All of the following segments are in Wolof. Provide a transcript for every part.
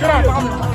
Get out!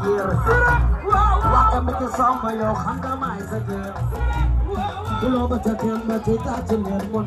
giir waxe Macky Samba yow xam nga maay sa giir bu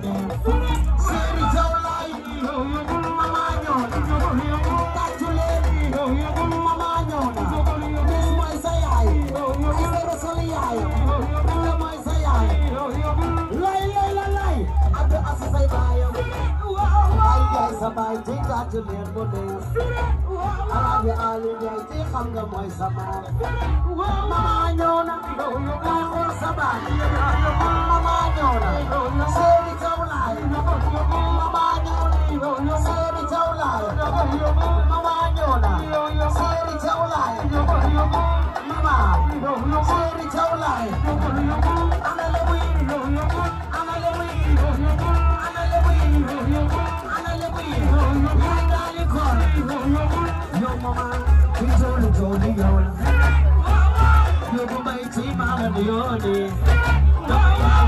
yooni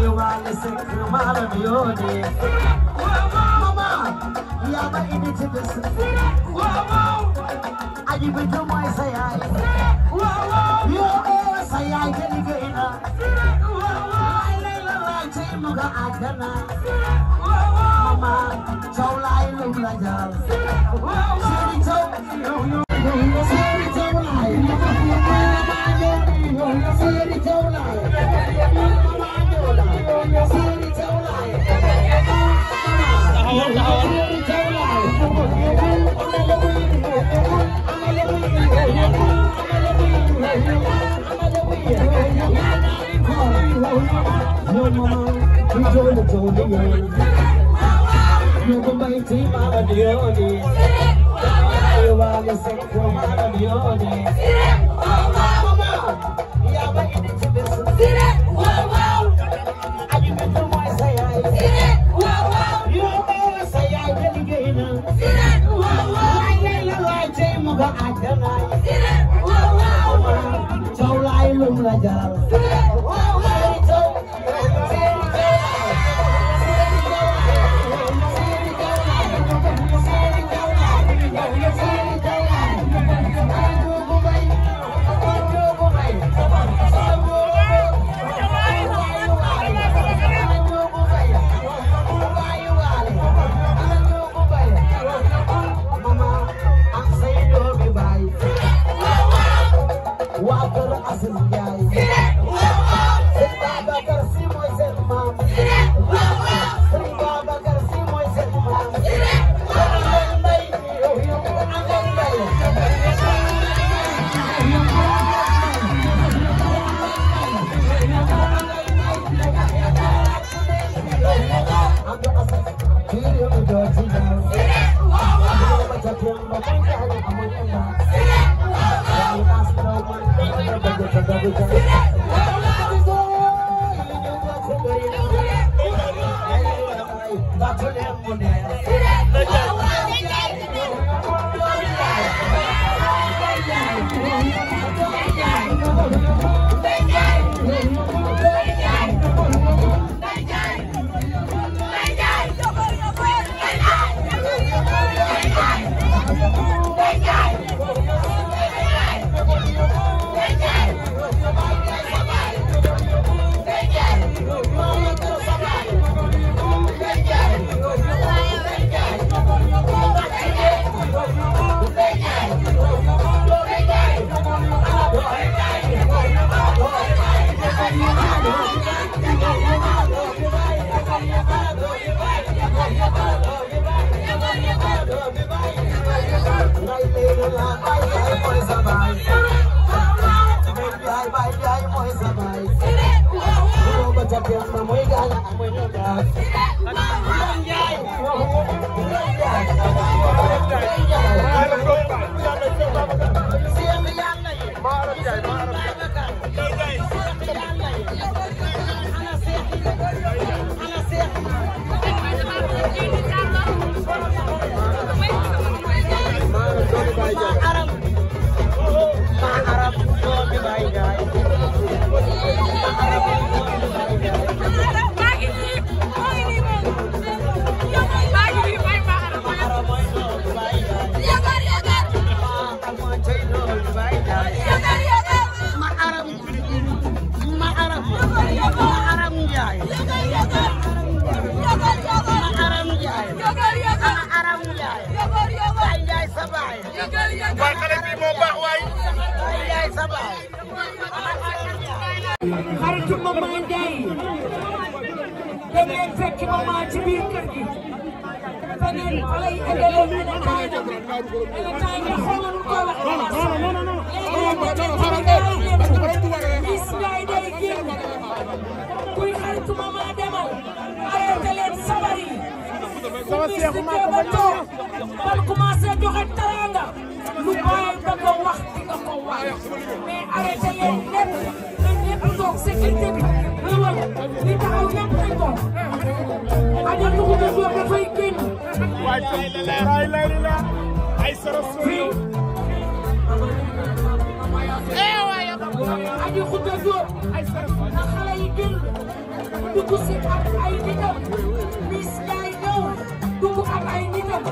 yo wala sek malam yooni mama ya ba ini tibis wow aji bitu moy sayai wow yo sayai gani ga ina wow layla la ce mu ga adana mama chawlai lu la jal shiri chaw yo yo taxawal taxawal You're my team, I'm a dear, dear. You're my second, I'm a dear, dear. dugg si ak ay nitam mis yaay ñëw dugg ak ay nitam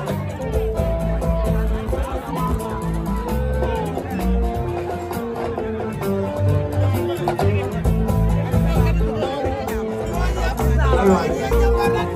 Thank you.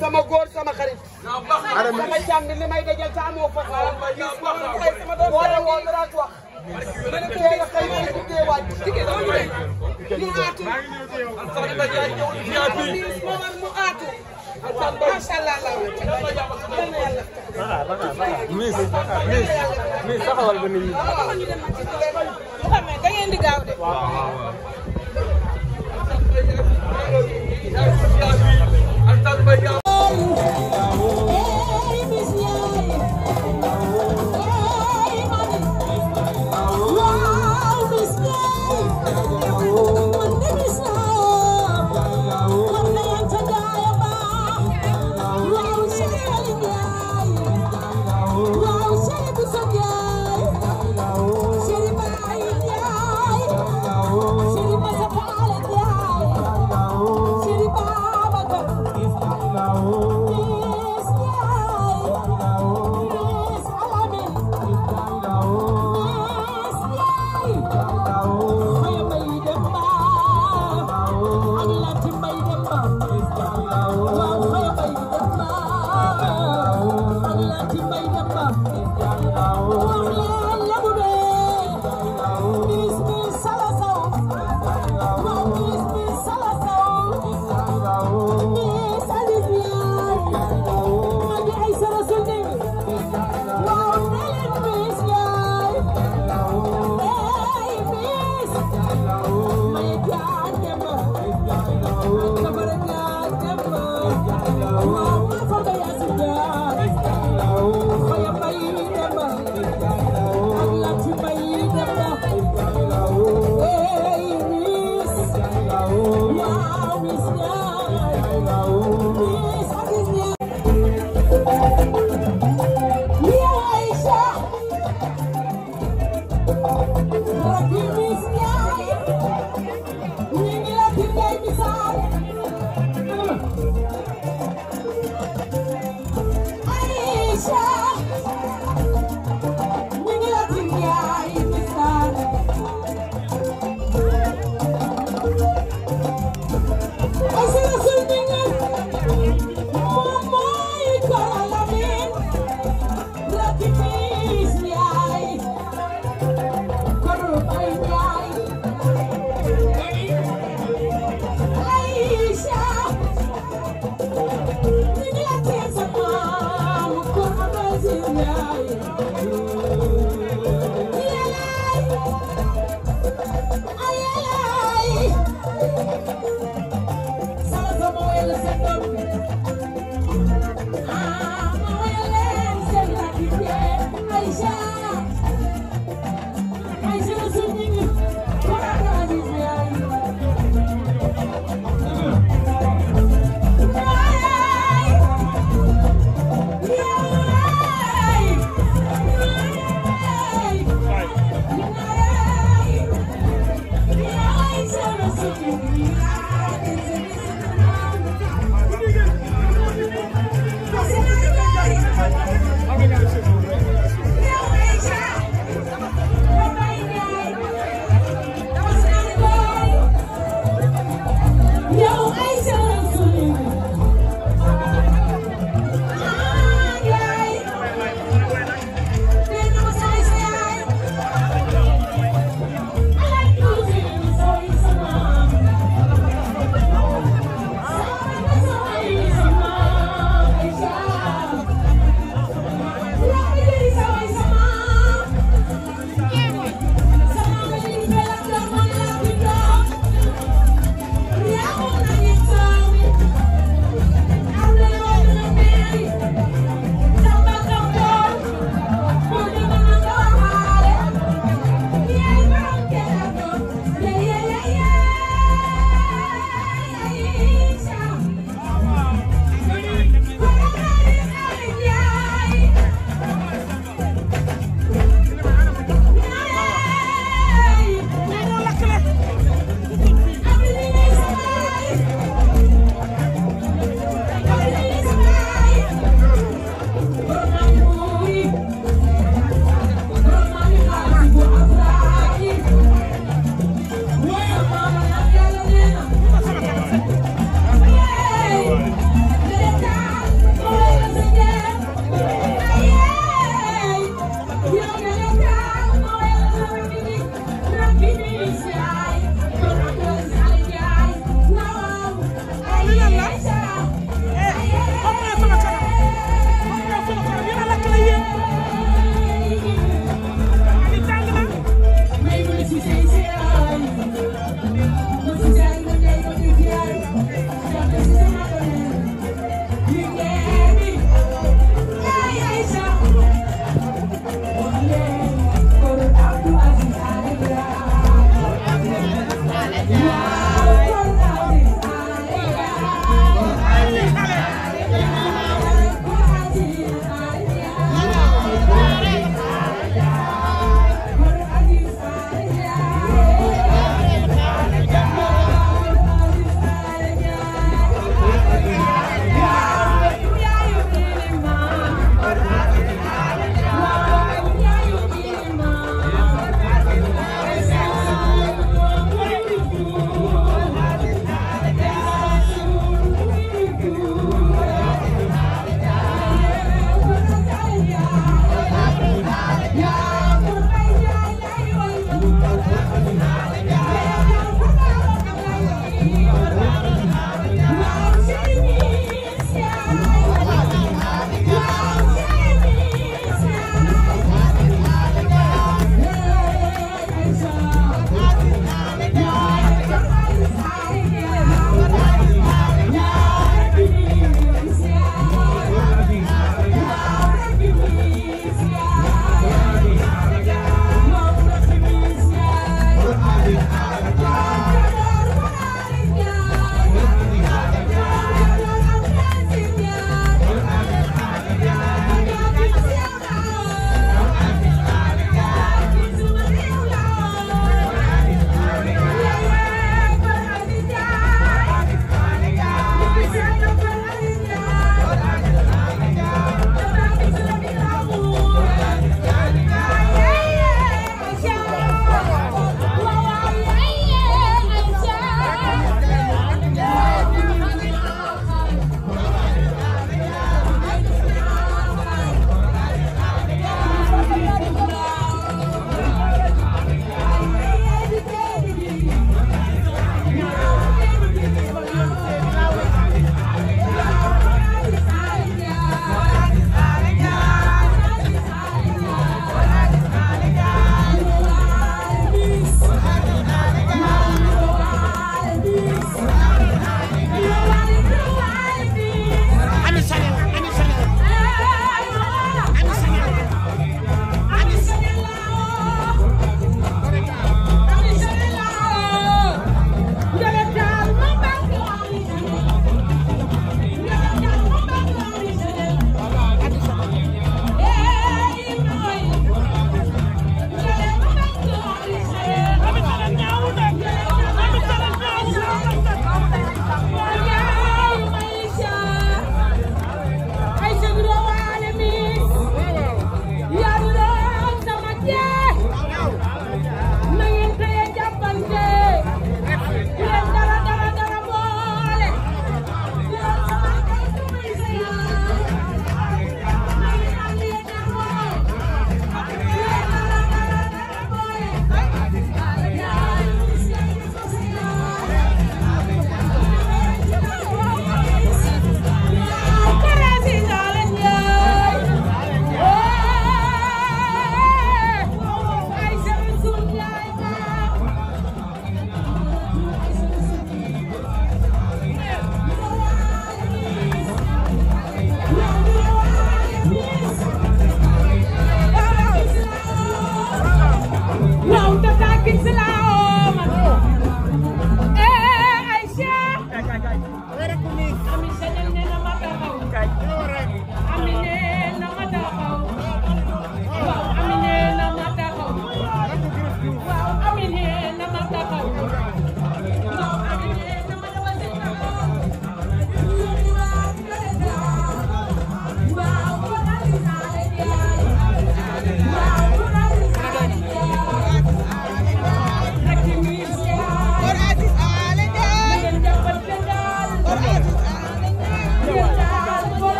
sama góor sama xarit. sama jàng li may dajal te amoo fa sama doom boole woo dara wax. ma ne ko yéen a xëy na guddee waaj. ñu aatu. mu aatu. macha allah. miss miss saxawal ba nit ñi. da ngeen di gaaw de. Baba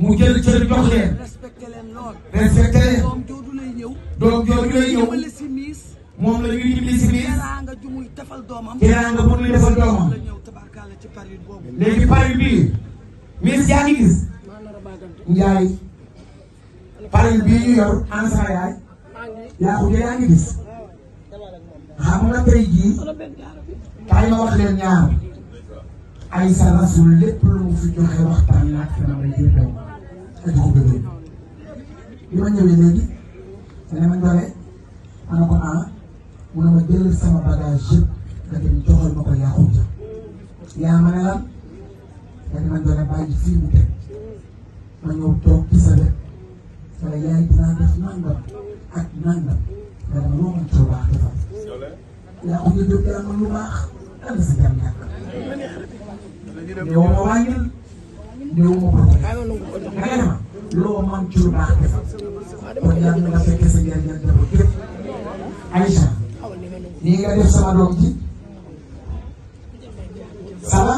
mu jël cër jox leen respecté leen doom jooju lay ñëw moom la ñuy indi si biir teraanga bu muy defal doomam léegi Paris bii Miss yaa ngi gis Ndiaye Paris bii ñu yor en sa yaay yaa ko yaa ngi gis xam nga tey jii kaay ma wax leen ñaar. ay salasul lépp lu mu fi joxe waxtaan la ak sama mbéyum doom ak ko bëggee bi ma ñëwee léegi te ne ma doole ma ne ko ah mu ne ma jëlal sama bagage yëpp nga dem joxal ma ko yaa xuuja yaa ma ne lan nga ne ma doole bàyyi fii mu teg ma ñëw toog ci sa dëkk wala yaay dinaa def nangam ak nangam nga dama loo mën ci baax defal yaa xuuja jóg yaa mën lu baax dana si jàmm ñàkk néew ma wàññil néew ma boppam da nga ne ma loo man ci lu baax def kon yàlla na nga fekkee sa njëriñ ak njaboot yëpp Aïcha nii nga def sama doom ji sala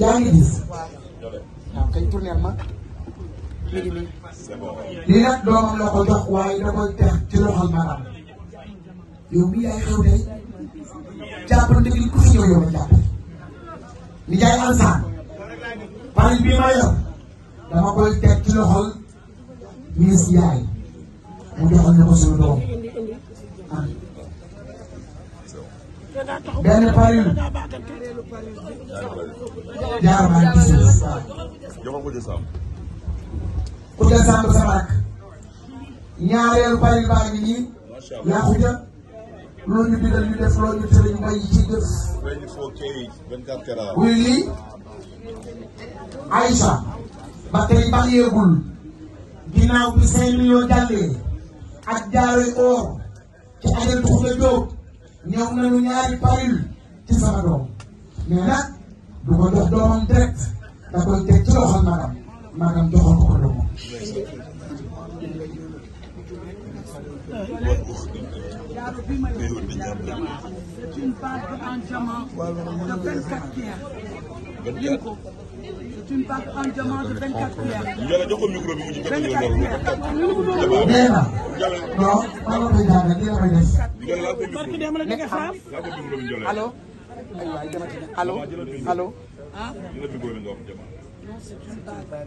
yaa ngi gis waaw kay tourneel ma lii nag doomam la ko jox waaye da koy tax ci loxol maanaam yow mii yaay xew tey jàppante ni ku fi ñëw yow la jàpp ni jaay ansaar pari bii ma yor dama koy teg ci loxol ministre mu joxal na ko suñu doom benn pari jaar maa ngi suuf ku jël sàmm sama rak ñaareelu pari baa ngi nii yaa xuja loo ñu digal ñu def loo tere ñu bàyyi ci def. 24K 24 carats. muy lii Aïcha ba tey bàyyeegul ginnaaw ak jaaroy or ci ajal tuux la jóg ñoom nañu ñaari paril ci sama doom nag du ko jox doomam direct da ci loxol magam magam joxoon ko ko C'est une barque en diamant de 24 pierres. lim ko c'est une barque en diamant de 24 pierres. Yàlla jox ko micro bi mu ci benn yoon loolu. nee na. non maa ngi koy jàngal lii la koy des. allo. allo allo. ah. Non, c'est une barque.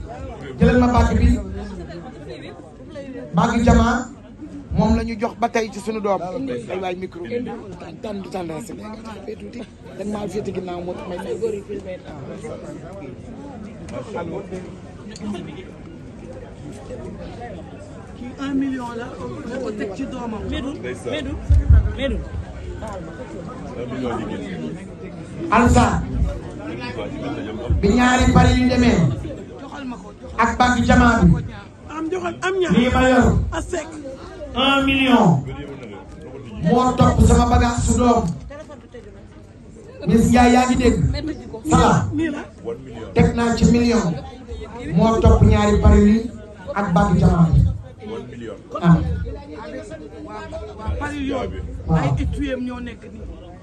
jëlal ma bàgg bi bàgg jamaa moom la jox ba tey ci suñu doom ay waay alsa bi ñaari pari yu demee ak bàgg jamaa bi lii ma yor un million moo topp sama bagage su doom Miss a yaa ngi dégg sala teg naa ci million moo topp ñaari pari yi ak bàgg jamaa bi ah waaw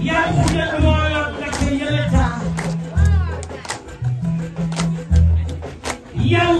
Yeah, yeah, yeah. Yeah.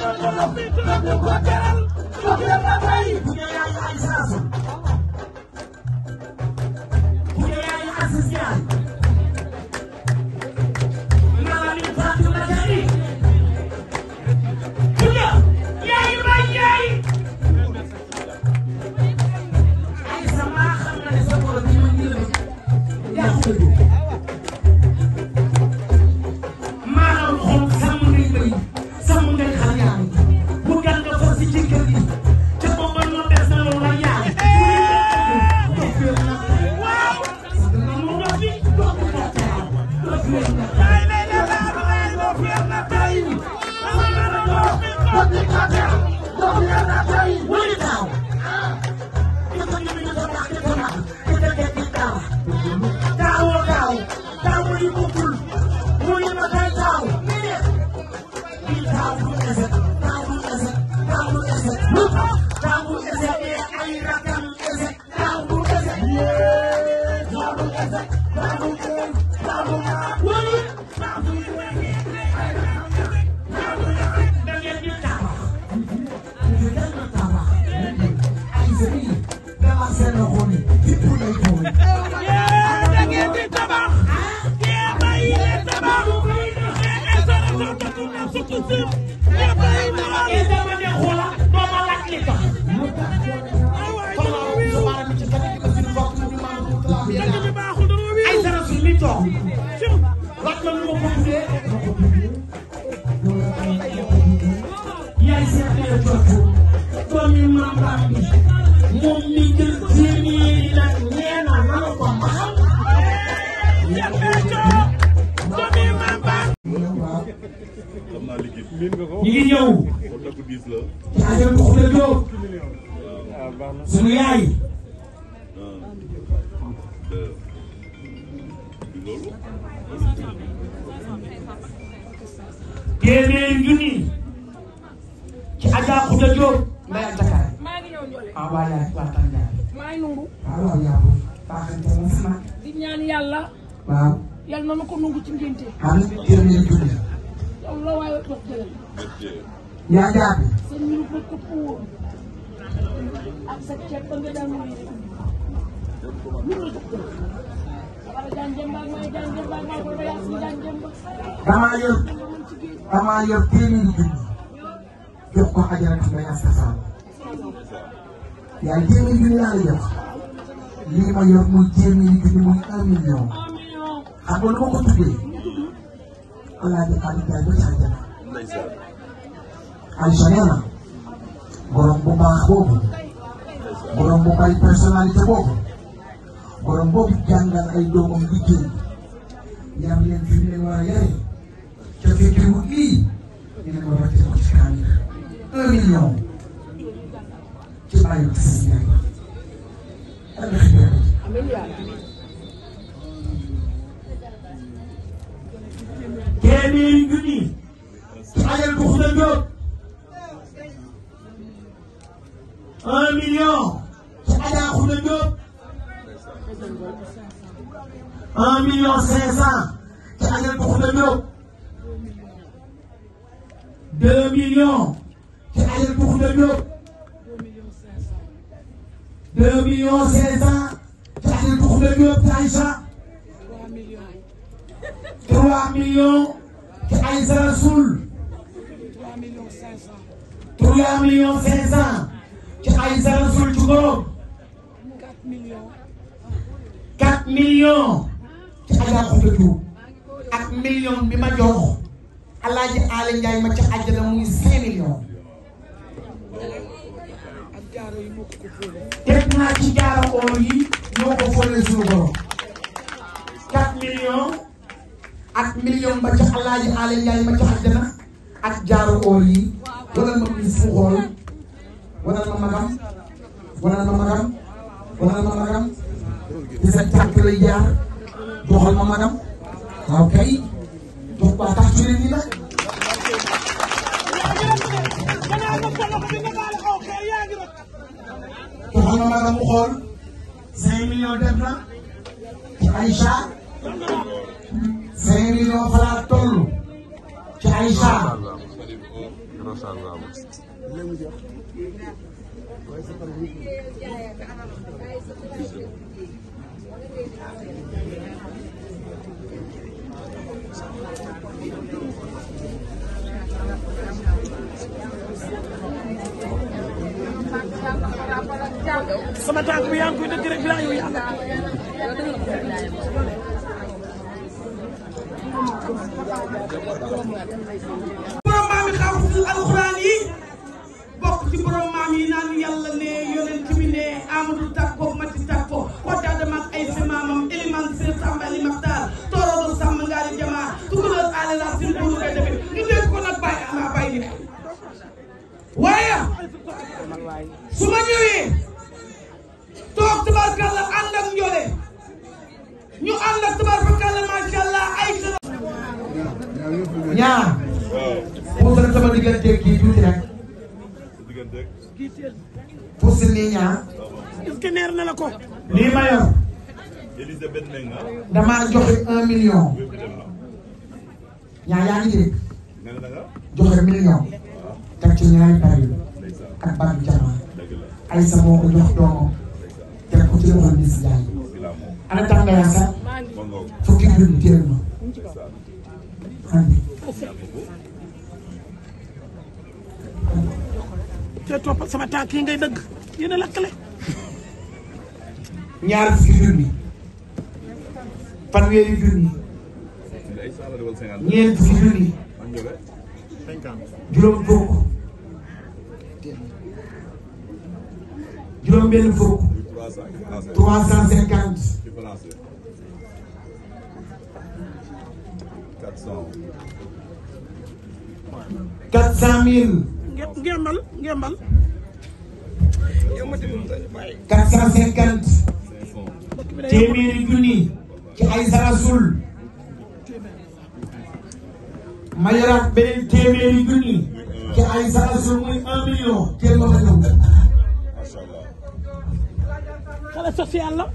nga xam ne daf ñu ko teral. jox leen la tey. kon ajaratu may astaxaar yaay téeméeri junni laa la jox lii ma yor muy téeméeri junni muy un million xam nga lu ma ko tuddee alaaji Aliou Ndiaye ca àjjana Aïcha nee na borom bu baax boobu borom bu bari personnalité boobu borom boobu jàngal ay doomam liggéey yar leen fi mu ne war a ca fekkewu lii un million ci bàyyi Serigne Ndiaye ana xibaar téeméeri junni ci ayal bu Xuda Jóob un million ci Aja Xuda Jóob un million cinq cent ci ayal bu Xuda Jóob deux millions xale bu na jóg deux millions cinq cent xale bu na jóg Aïcha trois millions Aïssa Rasoul trois millions cinq cent ci Aïssa Rasoul ci góob quatre millions ci Aïssa Rasoul Diouf ak million bi ma jox Alaaji Aali Njaay ma ci àjjana muy cinq millions teg naa ci jaaro oor yi ñoo ko fóole suñu borom 4 millions ak million ba jox alaaji xaale yaay ma jox àjjana ak jaaro oor yi wala ma ñu suuxool wala ma magam wala ma magam wala ma magam di sa càpp lay jaar doxal ma magam waaw kay dox baa tax ci ni la te xam nga maanaam mu xool 5 millions def na ci Aïcha 5 millions fa laa toll ci Aïcha. Thank you. sama tànk bi yaa ngi koy dëgg rek bilaa yow yaa ngi koy. damaa joxe un million yaa yaa ngi dégg joxe million teg ci ñaari bari ak bari ay sa moo jox doomam teg ko ci loxo Miss ana tax nga yaa sax fukki junni téel ma te topp sama tànk yi ngay dëgg yéen a lakkale ñaar fukki junni fanweeri junni ñeent fi junni juróom fukk juróom benn fukk trois cent cinquante quatre cent mille ngembal ngembal quatre cent cinquante téeméeri junni ci ay sarasul ma yoraat beneen téeméeri junni ci ay sarasul muy un million kenn ma ko ñëw xale social la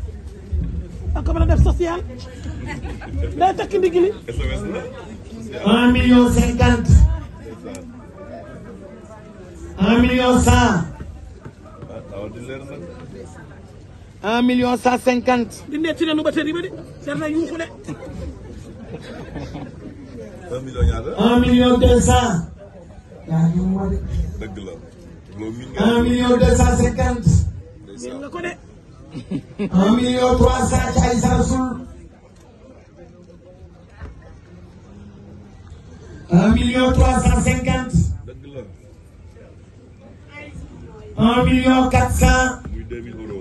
ak ko mën a def social takk ndigg li un million cinquante un million cent cinquante. di nekk ci ren ba tëri ba de jar na yuuxu de. un million ñaata. un million deux cent. yaa ngi mu wane. dëgg la. un million deux cent cinquante. dégg nga ko de. un million trois cent ci ay sarsul. un million trois cent cinquante. dëgg la. un million quatre cent. muy deux mille euros.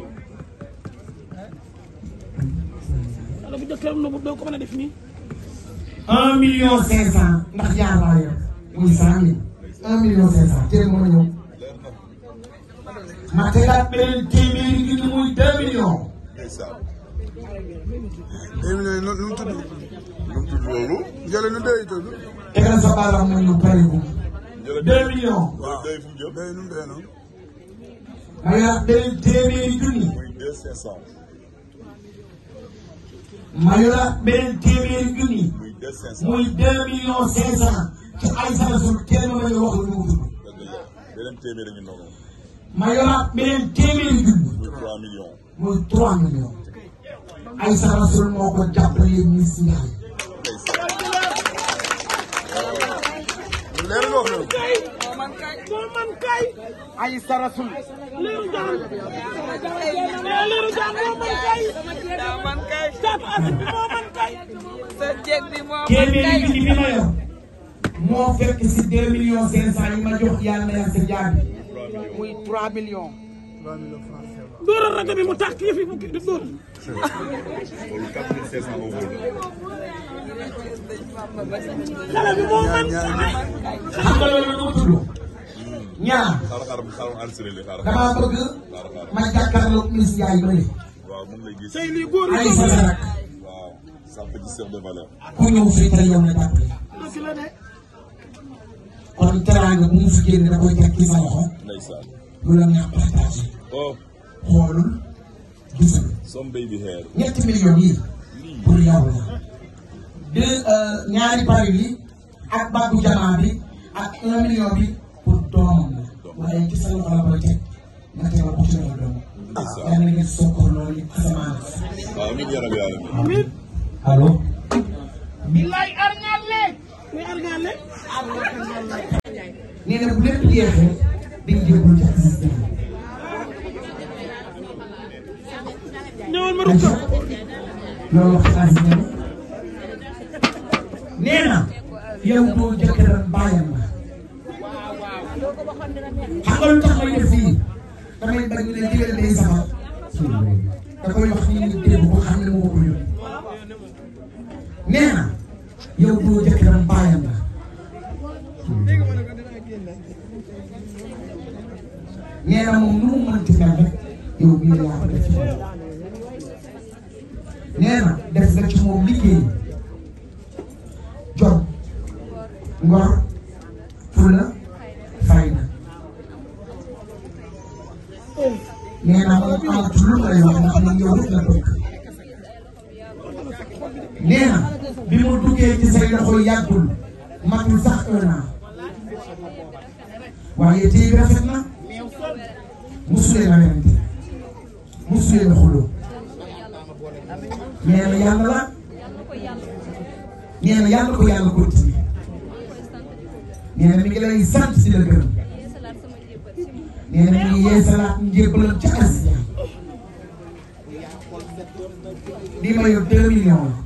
bu jël këram noobu doo ko mën a def nii. million cinq ndax yaar laa yor muy a mille un million cinq cent teel a ñëw ma tegaat beneen téeméeri gi ni muy deux millions. deux millions nu mu na ñu bari ko. deux millions. waaw day fu jëm day nu mayu la beneen téeméeri junni muy deux millions cinq cent ci ay sa rasul kenn mën a wax lu mu tudd. mayu la beneen téeméeri junni muy trois millions ay sa rasul moo ko jàppale Miss Ndiaye. moo man kay. ay sarasul. liiru jaan. mais liiru jaan moo man kay. daa man kay. jàpp as bi moo man kay. sa jeeg bi moo man kay. bi ma yor moo fekk si 2 millions 500 yi ma jox yàlla na yàlla sa jaar bi. muy 3 millions. 3 millions francs. dóoral rajo bi mu tàkk yëf yi mu kii di dóor. loolu 4500 euros la. xale bi moo man. xam nga loolu lu mu tudd. ñaar damaa bëgg ma jàkkaarloo ministre yaay bëri. tey lii góor yi ku ñëw fii tey yow na jàppale. kon teraanga bu mu fi génne da koy sa loxo. lu la neex partagé. Oh. xoolul gisul. ñetti millions yi pour yow la. deux euh, ñaari pari bi ak bàggu jamaa bi ak un million bi. doomam la waaye ci sa loxo la koy teg nga teewal ko ci loxo doomam. yaa ngi nekk sokkoor loolu it asamaan waaw amiin yaa rabbi amiin allo. billaay arñaale. bu lépp jeexee dañ jéegul ci asistaan. ñëwal ma rukk loolu wax asistaan nee na yow doo yàlla ko yàlla continué nee na mi ngi sant si la gërëm nee na mi ngi yeesalaat njébbalam ca Assia bi ma yor deux millions la.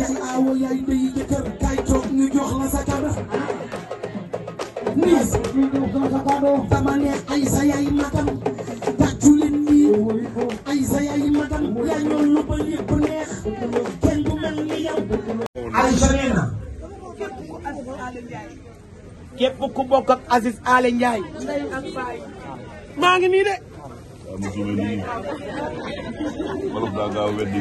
yaay aawo yaay ndeyi jëkkër kaay toog ñu jox la sa kado niis dama ne ay sa yaay madam tàccu leen nii ay sa yaay madam yaa ñoon lu ba kenn du mel ni yow ay sa nii de Arma Sëbé mi ngi wolof daa gaaw weddi.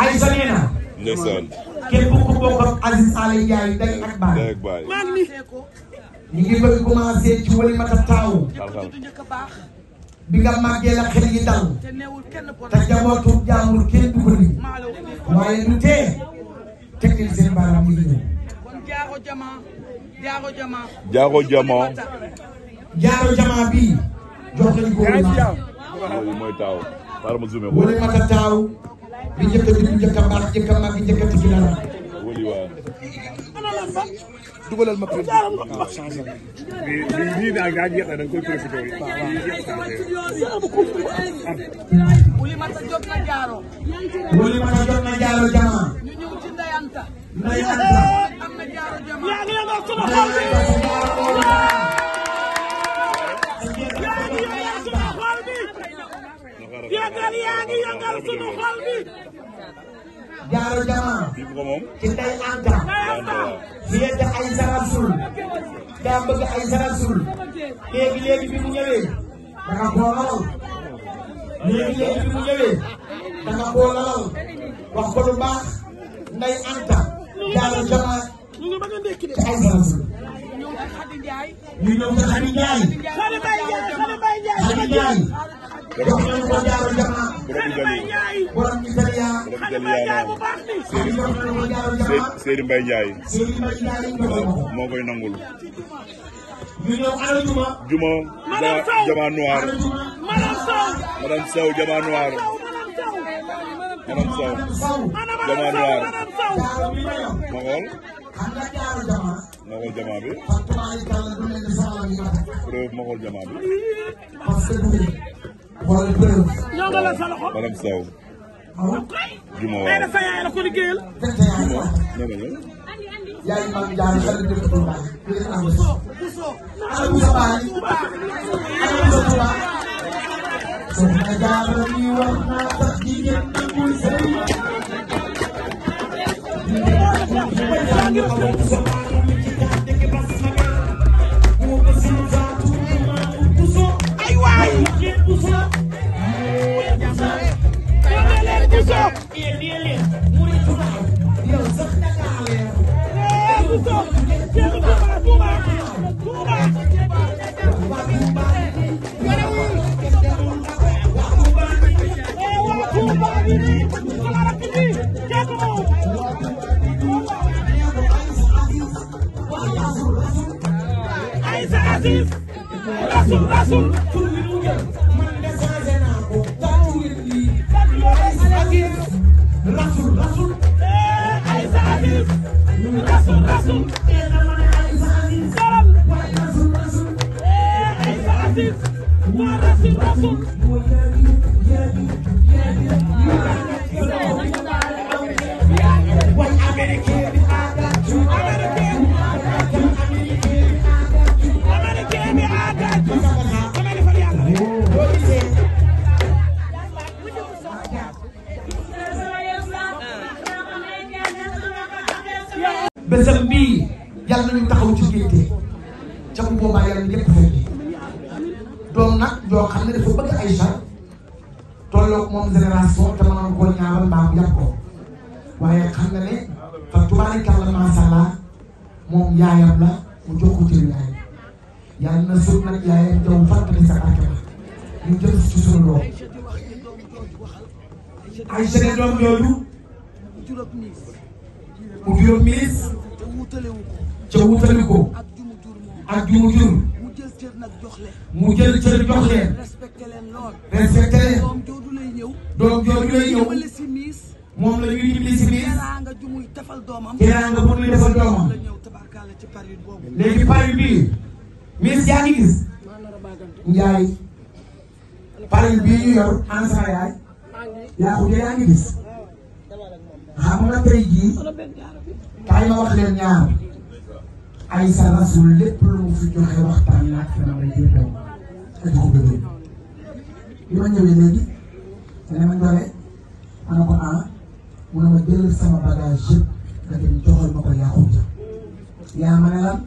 Aïssa nee na. ndeysaan. képp ku bokk ak Aziz Sall Ndiaye day ak baay. day ak baay. ñu ngi bëgg commencé ci Walimata Taaw. bi nga màggee la xel yi dal. te jabootu jaamul kenn du ko nii. waaye du tee. teg leen seen baaraam yi ñu ñëw. jaaxo jama. jaaxo jama. jaaro jamaa bii jox nañu ko wala mata taaw bi njëkk a dugg njëkk a baax njëkk a mag njëkk a tigi dara dugalal ma président bi da nga jeex da nga koy profité wuli mata jot na jaaro wuli mata jot na jaaro jamaa ñu ñëw ci ndayanta ndayanta am na jaaro jamaa yëngal yaa ngi yëngal sunu xol bi. jaaro jama ci ndey Anta. yéen a ay sarasul. daa bëgg ay sarasul. léegi léegi bi mu ñëwee. daga boolal. léegi léegi bi mu ñëwee. daga boolal. wax ko lu baax. ndey Anta. jaaro jama ci ay sarasul. ñu ñëw ci Khady Ndiaye. Khady Ndiaye. wax nañu ko jaaro jama. borom Nigéria. Seydou Mbaye Ndiaye. Seydou Mbaye Ndiaye moo koy nangul. ñu ñëw ana Juma. Juma jama noir. madame Sow jama noir. madame Sow jama xam nga jaaru jama. ma xool jama bi. parce que maa ngi tànn du mel ni salaam yi ma teg. preuve ma xool jama bi. parce que du wala preuve. ñoo ngi la sa loxo. madame Sow. juma waaw. juma nee nañu. yaa ngi maam jaaru xale dëkk bu baax. dëkk am na. ana bu sa baax. ana bu sa baax. soxna jaaru yi war naa tax jigéen ñi muy sëy. Come on! Aziz rasul rasul tur bi nu jël man découragé naa ko taawu ngeen lii Aziz rasul rasul Aïssa Aziz rasul rasul Aïssa Aziz waa rasul rasul bésam bii yàlla nañu taxaw ci ngénte ca bu boobaa yàlla ñëpp fekk doom nag yoo xam ne dafa bëgg Aïcha tolloog moom génération te mënoon koo ñaawal mbaa mu yàpp ko waaye xam na ne fa tubaarikàlla macha allah moom yaayam la mu jox ko cër yaay yàlla na sut nag yaayam jaw fàttali sa barke ba ñu jëm ci suñu doom Aïcha ne doom yooyu mu juróom miis wutalewu ko ca wutale ko ak jumu jur moom ak jumu jur mu jël cër nag jox leen mu jël cër jox leen respecté leen lool respecté leen doom jooju lay ñëw doom jooju lay ñëw jëmale si miis moom la ñuy dimbali si miis teraanga ju muy defal doomam teraanga bu muy defal doomam la ñëw tabarkaale ci Paris boobu léegi Paris bii miis yaa ngi gis Njaay Paris bii ñu yor an sa yaay yaa ko yaa ngi gis xam nga tey jii kaay ma wax leen ñaar ay sa rasul lépp lu mu fi joxe waxtaan naag sama mbay biir doom ak ko bëggee bi ma ñëwee léegi te ne ma doole ma ne ko ah mu ne ma jëlal sama bagage yëpp nga dem joxal ma ko yaa yaa ma ne lan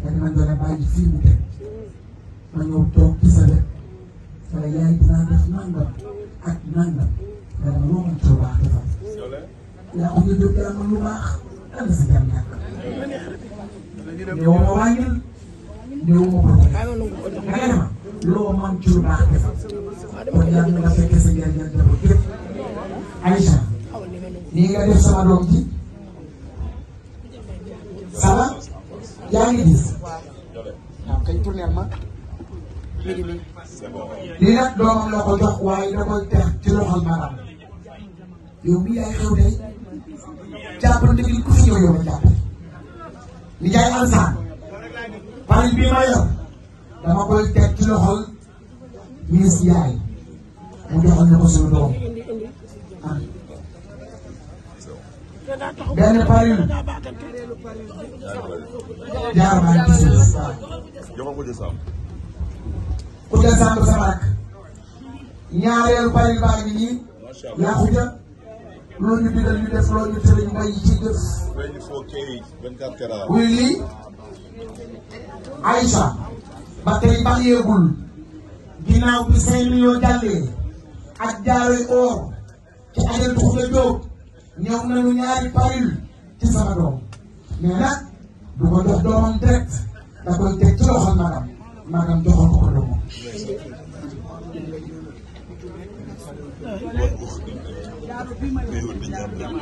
nga ma doole bàyyi fii mu teg ma ñëw toog ci sa def wala yaay dinaa def ak nangam nga dama loo mën coow baax yaa ngi koy jóg amal lu baax ala si jàmm nag ñëw ma wàññil ñëw ma ko tey ma loo man ci lu baax defal kon yàlla na nga fekkee sa njëriñ ak njaboot yëpp Aïcha nii nga def sama doom ji sama yaa ngi gis waaw kay tournel ma lii nag doomam la ko jox waaye da koy tax ci loxol maanaam yow mi yaay xew tey jàppante ni ku fi ñëw yow la jàpp ni jaay ansaan pari bii ma yor dama koy teg ci loxol ministre yaay mu joxal na ko suñu doom benn pari jaar maa ngi suuf ku jël sàmm sama rak ñaareelu pari baa ngi nii yaa xuja loolu ñu digal def loo ñu tere ñu bàyyi ci def. 24 carats ba tey bàyyeegul ginnaaw bi 5 millions jàllee ak jaaroy or ci ajal tuux la jóg ñoom nañu ñaari paril ci sama doom nag du ko jox doomam direct da ci loxol magam magam joxoon ko C'est une base en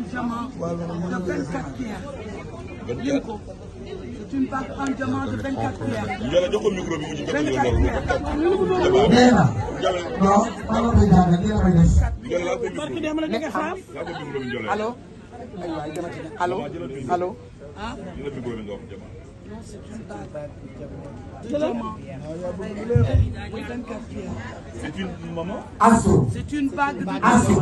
diamant de 24 pierres. C'est une base en diamant de 24 pierres. Allo allo allo Non, c'est une bague. De diamant. C'est une maman. Asso. C'est une bague. Asso.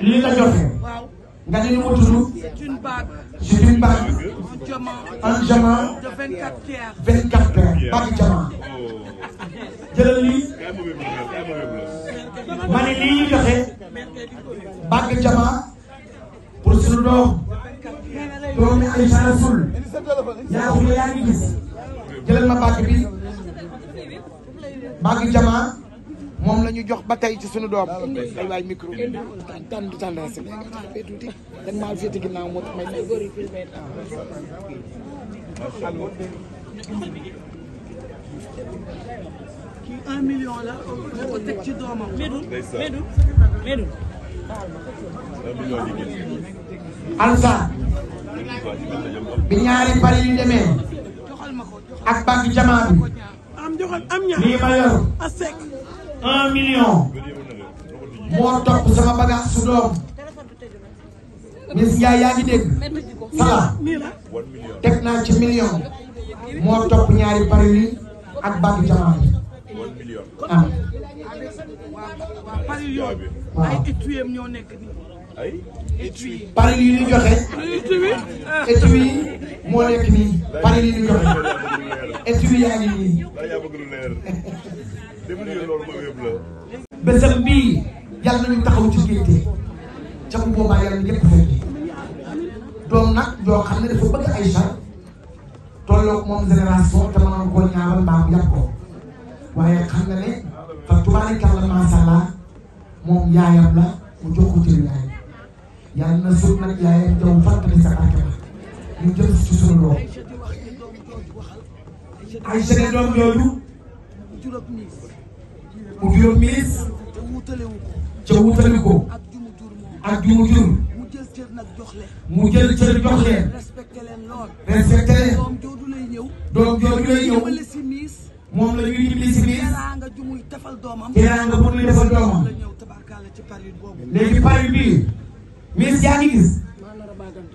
lii la joxe. waaw. nga ne ni mu tudd. c'est une bague. c'est une bague. un diamant. un diamant. de 24 pierres. 24 pierres. bague diamant. jëlal lii. ma ne lii ñu joxe. bague diamant. pour suñu doom. doomi Aïcha Rasul ma bàgg bi bàgg jamaa moom la jox ba tey ci sunu doom ay waay micro tan tan tendance bi nga tax fee tuuti million la na bi ñaari bal yu demee ak bàgg jamaa bi lii ma yor un million moo topp sama bagage su doom Miss Ndiaye yaa ngi dégg sala teg naa ci million moo topp ñaari bal yi ak bàgg jamaa bi ah pari yi ñu joxe étui moo nekk nii pari yi ñu joxe étui yaa ngi nii. bésam bii yàlla nañu taxaw ci génte ca bu boobaa yàlla ñëpp fekk doom nag doo xam ne dafa bëgg Aïcha tolloog moom génération te mënoon koo ñaaral mbaam yàpp ko waaye xam nga ne fa tubaarikàlla macha allah moom yaayam la mu jox ko ci wilaay yàlla na suuf nag yaayam jaw fàttali sa barke ba ñu jëm ci suñu doom ay sene doom jooju mu juróom miis ca wutali ko ak ju mu jur mu jël cër jox leen respecté leen doom jooju lay ñëw moom la ñuy dimbali si biir teraanga bu muy ñëw doomam léegi pari bi miis yaa ngi gis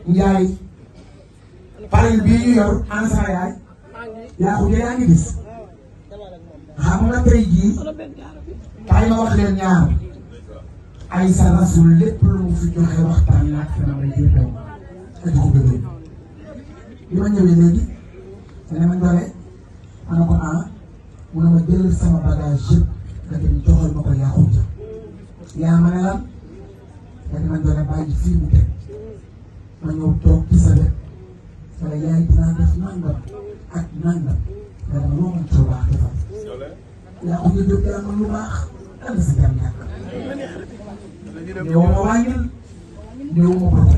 njaay parel bii ñu yor ana yaay yaa ko yaa ngi gis xam nga tey jii kaay ma wax leen ñaar ay sa rasul lépp lu mu fi joxe waxtaan laaj na may jël doom ak ko bëgg li ma ñëwee léegi ne ma doole ma ne ko ah mu ne ma jëlal sama bagage yëpp nga ma ko yaa ko yaa ma ne lan dañ ma doon bàyyi fii mu teg ma ñëw toog ci sa wet wala yaay dinaa def nangam ak nangam nga dama loo mën coo baax defal yaa ko nga jóg yaa ma lu baax dana si dem ñàkk néew ma wàññil néew ma bote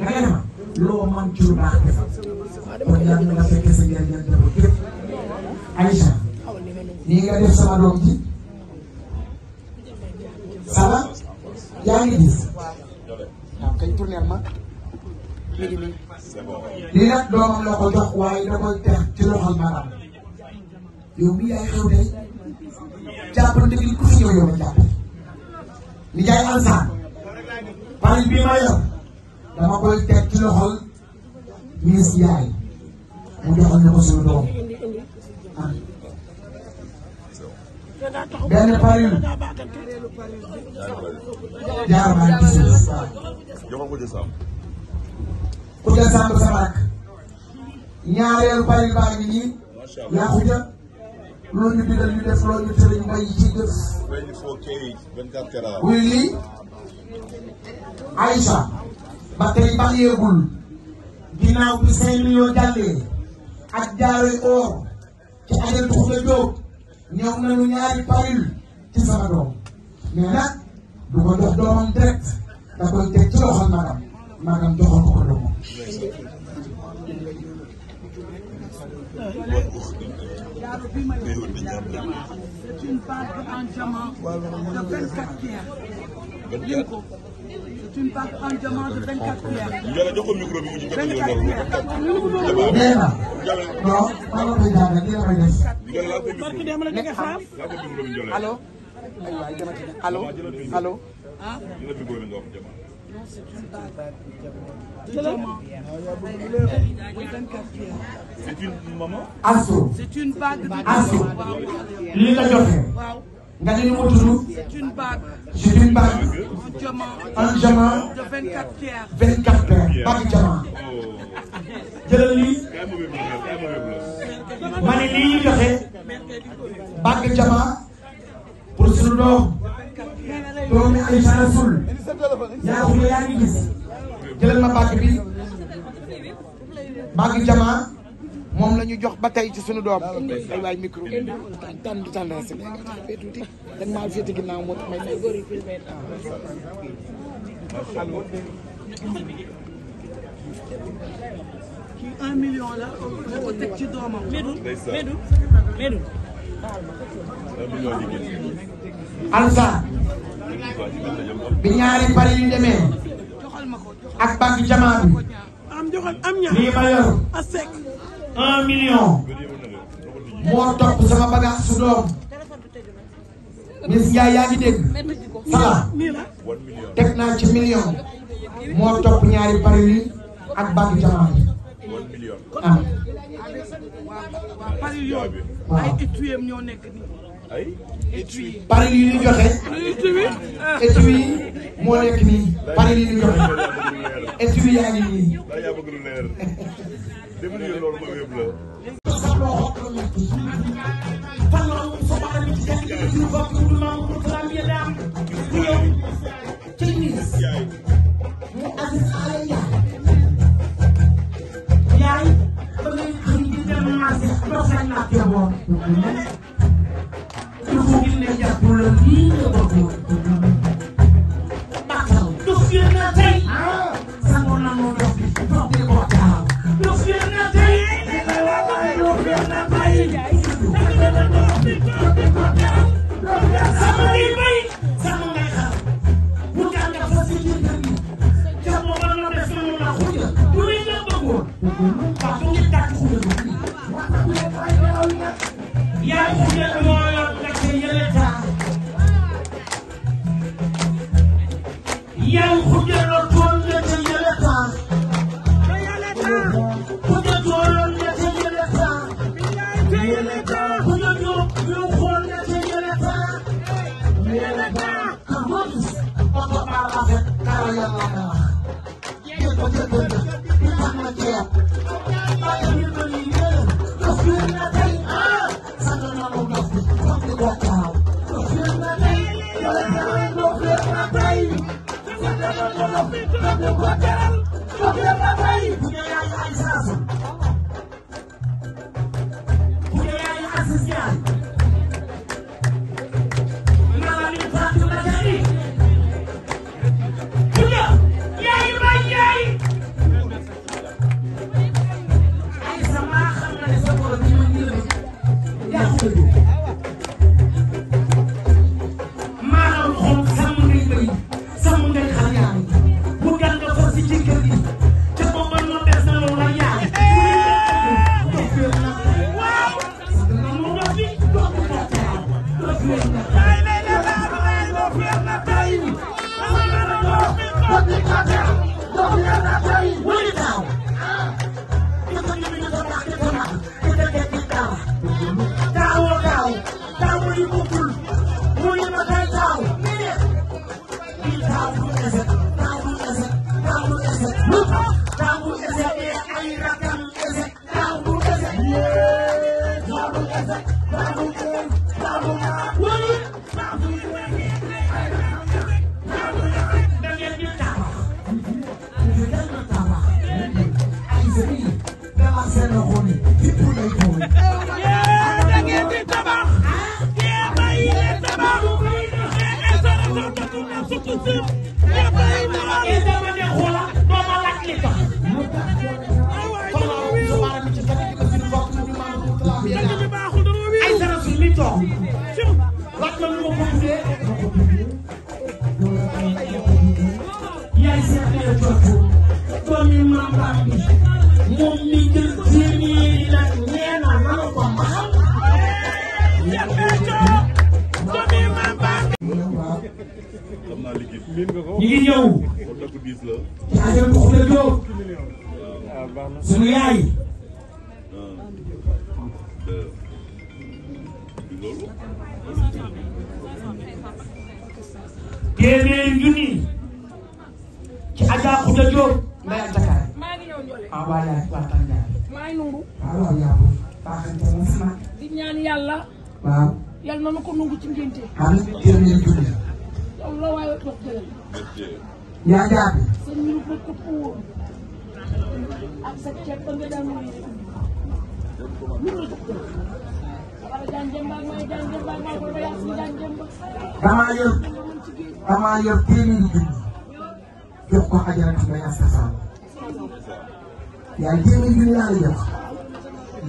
nga ne ma loo mën ci lu baax defal kon yàlla na nga fekke sa njëriñal njaboot yëpp Aïcha nii nga def sama doom ji ça va yaa ngi gis. waaw kay tournel ma. lii nag doomam la ko jox waaye da koy tax ci loxol maanaam. yow mii yaay xew tey jàppante ni ku fi ñëw yow la jàpp. ni jaay ansaan. pari bii ma yor dama koy teg ci loxol ministre yaay mu joxal na ko doom. benn pariw jaaramaan di suuf waaw. ku jël sàmm sama yaa ko jël loolu ñu bindal ñu def loolu ñu tere ñu may ci def. wuy lii Aïcha ba ak jaaroy or ci ajal tuxu la ñoom nañu ñaari paril ci sama doom mais nag du ko jox doomam direct da koy teg ci loxol magam magam joxoon ko ko doomam. C'est une base en diamant de 24 une base en diamant de 24 carats. yàlla jox ko micro bi mu ci benn carats. nee na. non non non jaarale nii la koy def. barki dem la nga xaar. allo. aywa jamati na allo allo. ah. non c'est une base. de diamant. c'est une maman. asso. c'est une base de diamant. asso. li la joxe. waaw. nga ne ñu ma tudd c'est une bague en diamant vingt quatre paires bague diamant jëlal lii ma ne lii ñu joxe bague diamant pour suñu doom doomi Aïcha Rasoul yaa ko yaa ngi gis jëlal ma bague bi bague diamant moom la ñu jox ba tey ci suñu doom ay waay may kii yu demee ak banque jamaa lii ma un million moo topp sama bagage su doom Miss Ndiaye yaa ngi dégg sala naa ci million moo topp ñaari pari yi ak bàgg jamono am pari yi ah. ñu joxe étui moo nekk nii pari yi ñu joxe étui yaa ngi nii déglu yéen loolu mooy wéb la. Yang hujah Abubakar Abubakar Abubakar yaa téeméeri junni laa lay jox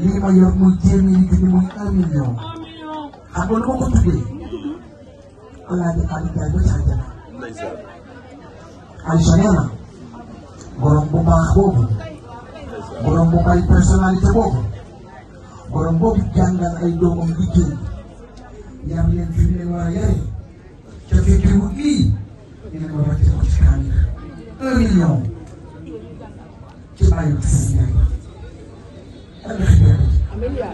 lii ma yor muy téeméeri junni muy un million xam nga lu ma ko tuddee Alaaji Aliou Ndiaye ba ca àjjana. Aliou nee na borom bu baax boobu borom bu bari personnalité boobu borom boobu jàngal ay doomam liggéey yar leen fi mu leen war a yaree ca fekk wu lii dinañ ko ràcceeku ci kaamil un million. Ismaïl Sy Ndiaye ëllëg yaa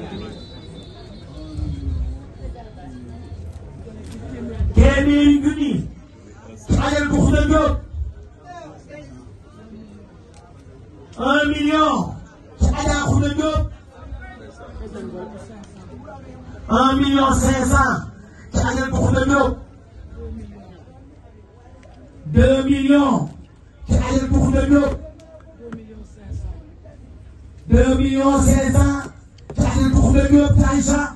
téeméeri junni xajal bu xuda jóob un million xajaa xuda jóob un million cinq cent xajal bu xuda jóob deux millions xajal bu xuda jóob deux millions cinq cent Caali Tuxna Diop Taïcha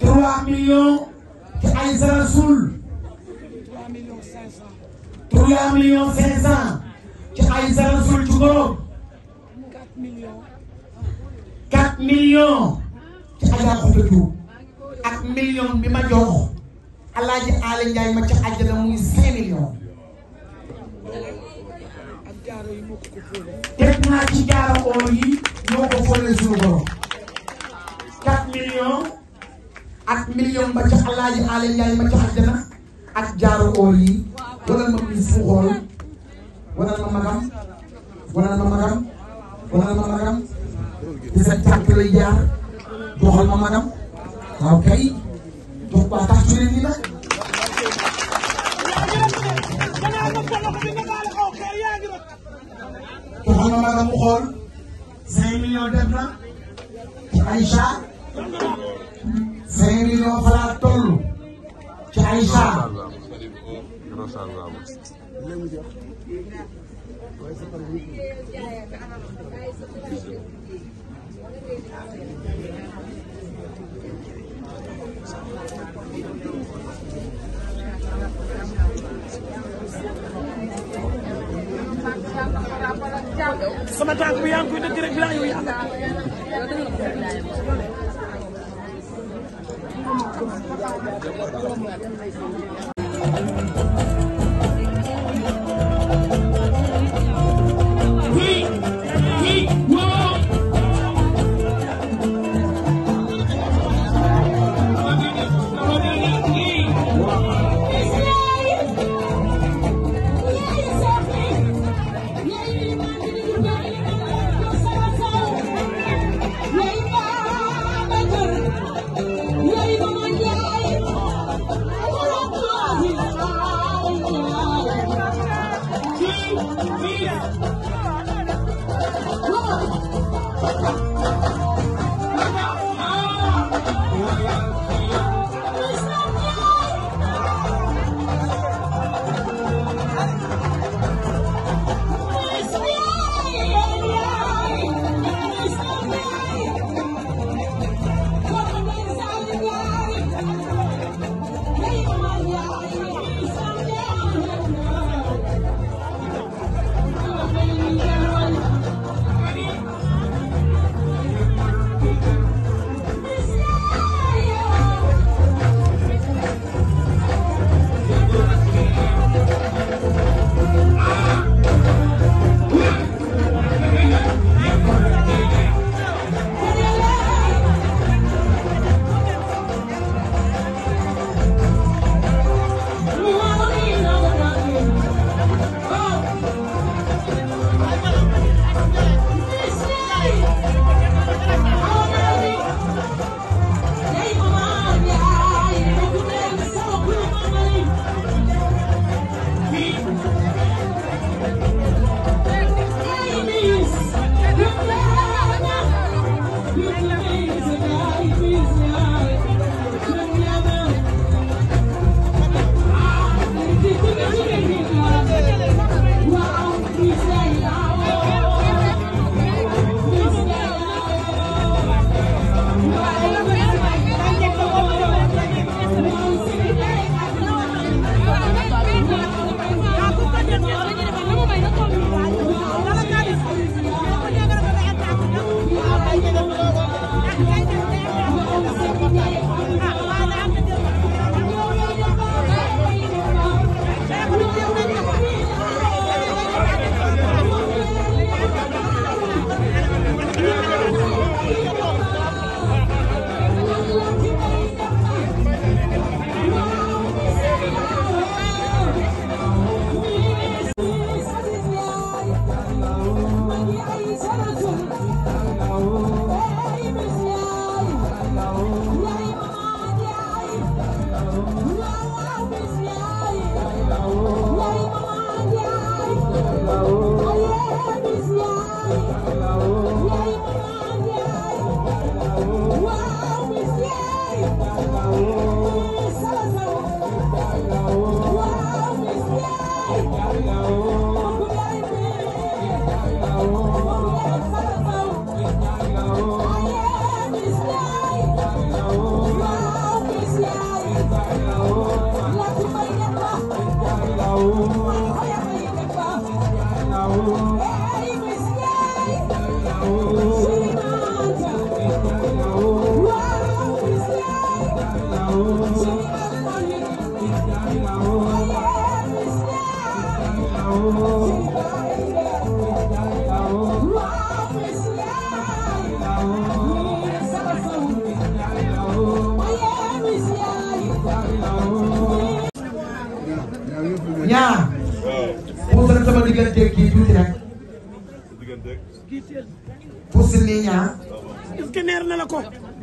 trois millions ci Aïssa Rasoul trois millions cinq cent ci Aïssa Rasoul ci Gorom quatre millions ci Adja Xuta Diop ak million bi ma jox Alaaji Aali Njaay ma ci àjjana muy cinq millions teg naa ci jaaro oo yi ñoo ko fóole suñu borom 4 millions ak million ba ca alaaji aale njaay ma ca àjjana ak jaaro oo yi wanal ma mi suuxool wanal ma magam wanal ma magam wanal ma magam di sa tànk lay jaar doxal ma magam waaw kay dox waa tax ci soxna Maga mu xool cinq millions sama tànk bi yaa ngi koy dëgg rek bilaa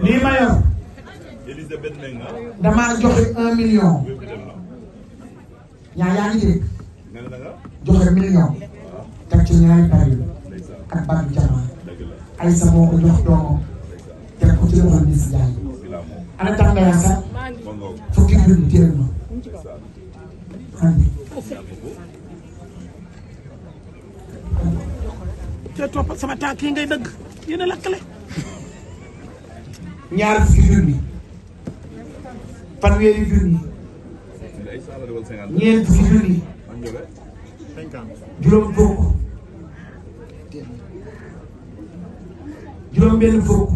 lii ma ah. damaa joxe un million ñaar yaa ngi dégg joxe million ah. teg ci ñaari bari ak bari jamaa ay sa jox doomam teg ko ci loxo bi si jaay ana tax nga yaa sax fukki junni téel ma andi te topp sama tànk yi ngay dëgg yéen lakkale ñaar fukki junni fanweeri junni ñeent fukki junni juróom fukk juróom benn fukk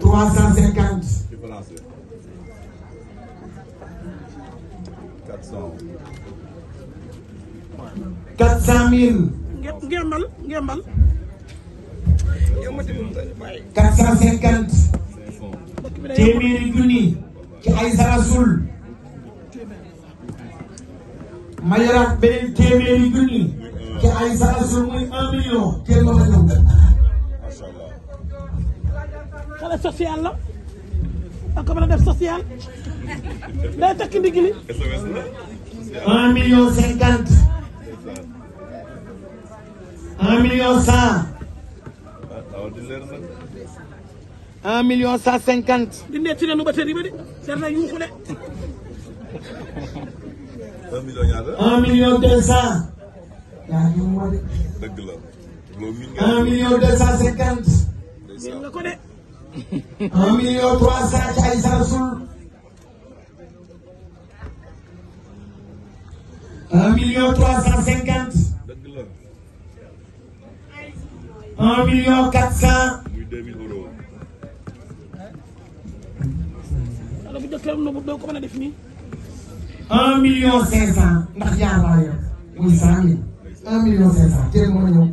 trois cent cinquante quatre cent mille ngembal ngembal quatre cent cinquante téeméeri junni ci ay sarasul ma yoraat beneen téeméeri junni ci ay sarasul muy un million kenn ma ko ñëw. xale social la ak ko mën a def social day takk un million cinquante. un million cent. un million cent cinquante. un million cent. cinquante. un million trois cent ci un million trois cent cinquante. dafa jëkkëram na bu doo ko mën a def nii. un million cinq cent ndax yaar laa yor muy cent mille un cinq cent jërë mën a ñëw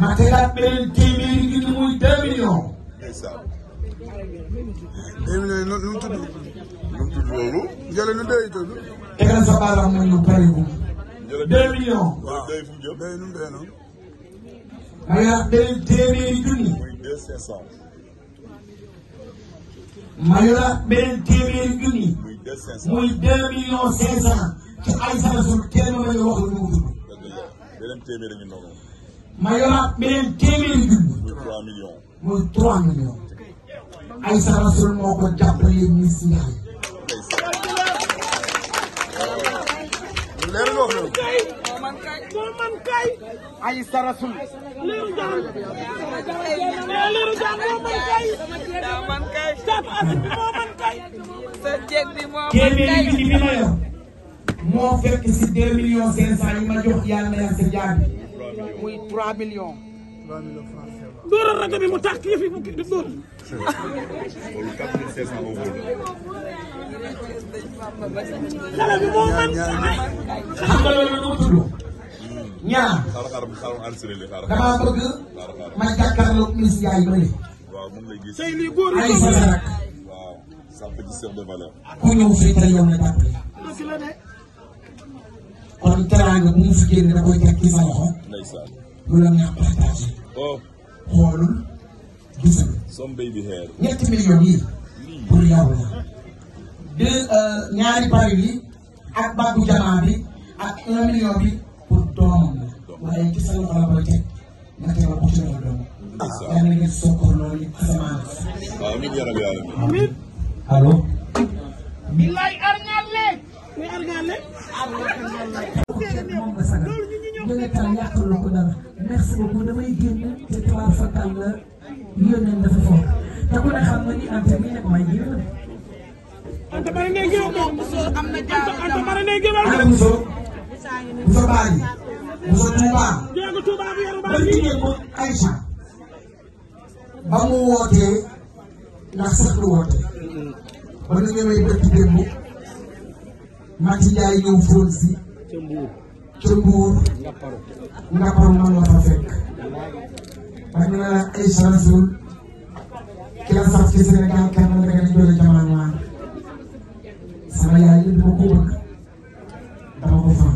ma tegaat beneen téeméeri gi ni muy deux millions. deux millions nu junni. mayu la beneen téeméeri junni muy deux millions cinq ci ay sarasul kenn mën a wax lu mu dugg. mayu la beneen téeméeri junni muy trois millions ay sarasul moo ko jàppale Miss Ndiaye. moo man kay. ay sarasul. liiru jaan. Eh, liiru jaan moo man kay. daa man kay. jàpp as bi moo man kay. sa jeeg bi moo man kay. téeméeri bi ma yor. moo fekk si 2 millions 500 yi ma jox yàlla na sa jaar bi. muy 3 millions. 3 millions francs. dóoral rajo bi mu tàkk yëf yi mu kii di dóor. xale bi moo man. xale bi moo man. ñaar damaa bëgg ma jàkkaarloog ministre yaay ma ne. ay ku ñëw fii kon teraanga mu fi génne da koy teg ci sa lu la neex partagé. Oh. xoolul yi pour yow euh, ñaari bari bi ak bàggu jamaa bi ak un million bi. doomam la waaye ci sama baba la teg ndaxte ma bokk ci loolu doomam. yal na ngeen sokkoor loolu asamaan waaw amiin yaa rabbi aalamiin allo. billaay argaan le. muy argaan le. ñu ngi taal yàqaloo ko dara merci beaucoup damay génn te tubaab fakkal la yónneen dafa fort te ku ne xam nga ni ante mi nekk may génn. ante bari ne géwél am na jaar ante bari ne géwél. Moussa Moussa Badji. Moussa Touba bëri ci démb Aïcha ba mu wootee ndax sax woote ba nu ñemee bëri ci démb Mati Ndiaye ñëw fóon si ca Mbour Ngaparou man la fa fekk wax nga ne la Aïcha Rasoul ki la sax ci Sénégal kenn la gën a jóge jamono noir sama yaay la dama ko bëgg fa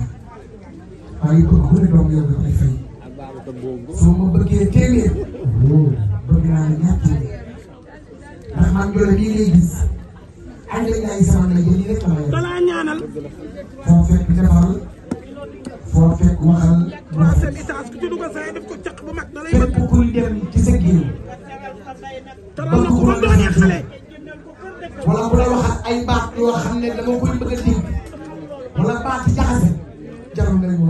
waaye kon ku ne doom yow nga koy fay soo ma bëggee téeméer bëgg naa la ñaar téeméer ndax man doole lii lay gis ànd ak ay sama la jëli rek la balaa ñaanal foo fekk defal foo fekk waxal waxal képp kuy dem ci sa géew bëgg ko la wala bu lay waxaat ay baat yoo xam ne dama koy bëgg a dégg wala baat jaxase jarul nga ñu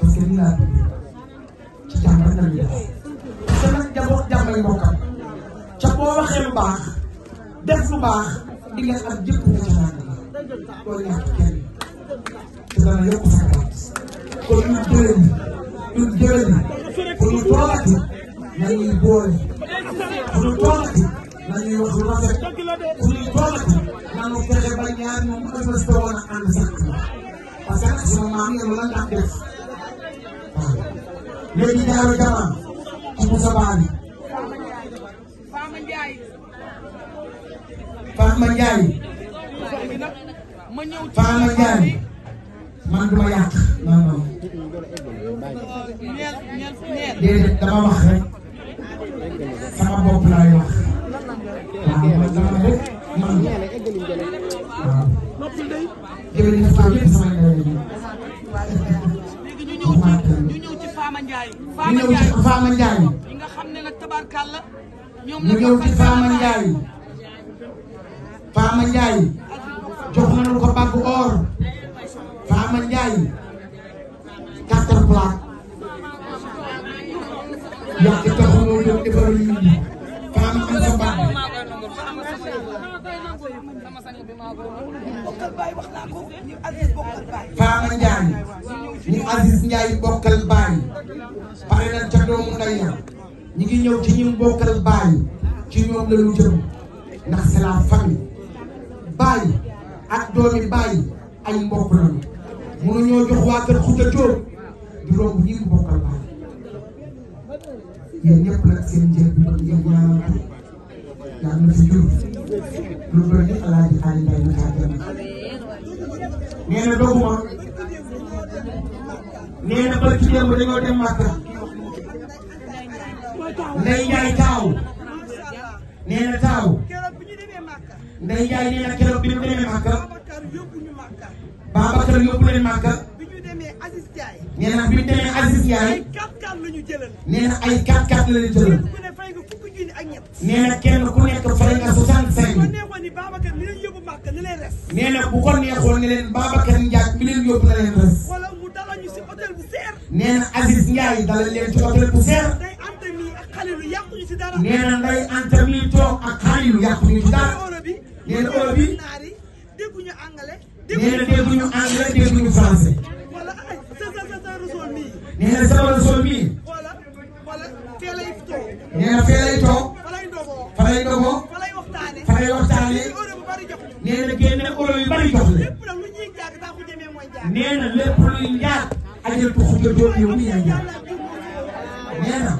parce que ñu naan ci jàmbar la ñuy def te nag jamono jàmbar yi bokkam ca boo waxee lu baax def lu baax di ngeen am jëpp nga ca naan la loolu ñàkk kenn te dana yokk sa kàtt kon ñun jëlee ñi ñun jëlee ñi pour ñu toogati nañuy boole pour ñu toogati nañuy wax lu rafet pour ñu toogati nañu fexe ba ñaar ñoom mu defal sa woon a ànd sax parce que sama maam yi lan tax def waaw léegi Daaru Jama ak Moussa Baali Fahma Ndiaye Fahma Ndiaye man du ma yàq non non déedéet dama wax rek sama bopp laay wax waaw man dama def man waaw. jërëjëf maa ngi sama ndaw yi. léegi ñu ñëw ci ñu ñëw ñu ñëw ci Fama Ndiaye. ñu ñëw ci Fama Ndiaye. Fama Ndiaye jox nañu ko bàgg or. Fama Ndiaye. quatre plaques. yàq bokkal baay wax naa ko ñu bokkal baay. pare nañ ca doomu ndey ya ñu ngi ñëw ci ñi bokkal baay ci ñoom la lu jëm ndax c'est la famille baay ak doomi baay ay mbokk lañu mënuñoo jox waa kër Khouta Diop di romb ñi bokkal baay yéen ñëpp nag seen njëriñ bi yéen ñaanal baay yaa ngi jur. lu doon ni alaaji Aliou Ndiaye lu càggane nee na doguma nee na barki démb dañoo dem Màkka Ndeye Ndiaye taaw nee na taaw Ndeye Ndiaye nee na keroog bi ñu demee Màkka Babacar yóbbu leen Màkka nee na bi ñu demee Aziz Ndiaye nee na ay 4-4 la ñu jëlal nee na kenn ku nekk a nga 65. nee na bu ko neexoon ne leen Babacar Ndiaye mi a yóbbu na leen res. nee na Aziz Ndiaye dalal leen ci hôtel bu seer. nee na nday Anta mi toog ak xalilu yàquñu ci dara. nee na euro bi. nee na dégguñu anglais dégguñu français. nee na sabal sol mii. nee na fee lay toog fa lay ndogoo fa lay waxtaanee nee na génne olo yu bari jox leen nee na lépp luy njaag ajal ko xuj a doon yow mi yaay njaag nee na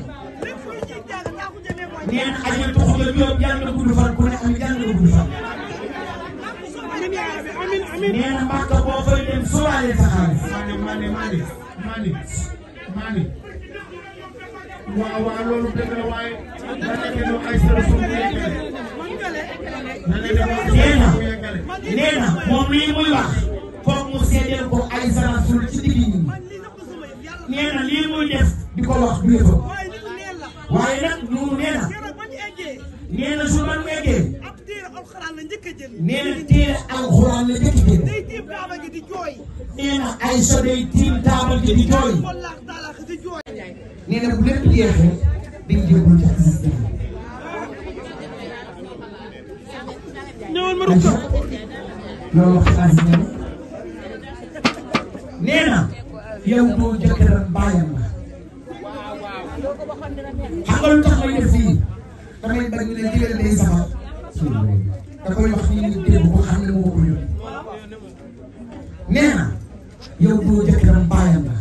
nee na ajal ko xuj a doon yàlla na gudd fan ku ne am yàlla na gudd fan nee na màkk boo koy dem sóoraale sa xaalis. waaw waaw loolu dëgg la waaye da nekk ñu ay ay sëriñ su mu yeggale. nee na moom lii muy wax foog ko ay sarasul ci digg ñi nee na lii muy def di ko wax du yëfa waaye nag ñu nee na nee na su man eggee nee na la njëkk a in ay sa day tiim taabal ji di jooy nee na bu lépp jeexee dañ jébul ci assistant loolu wax xaas ne nee na yow doo jëkkëram bàyyam yow doo jëkkëram baayam la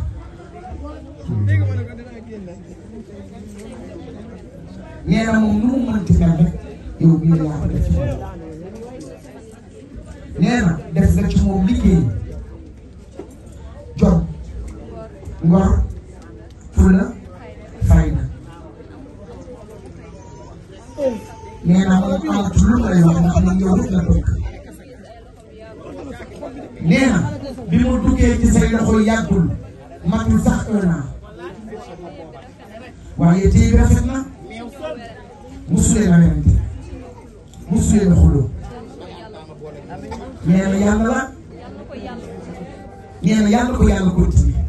nee na yàlla ko yàlla continué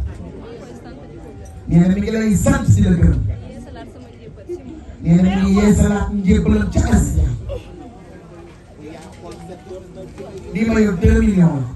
nee na mi ngi lay sant si la gërëm nee na mi ngi yeesalaat njébbalam ca as ya li ma yor deux millions la.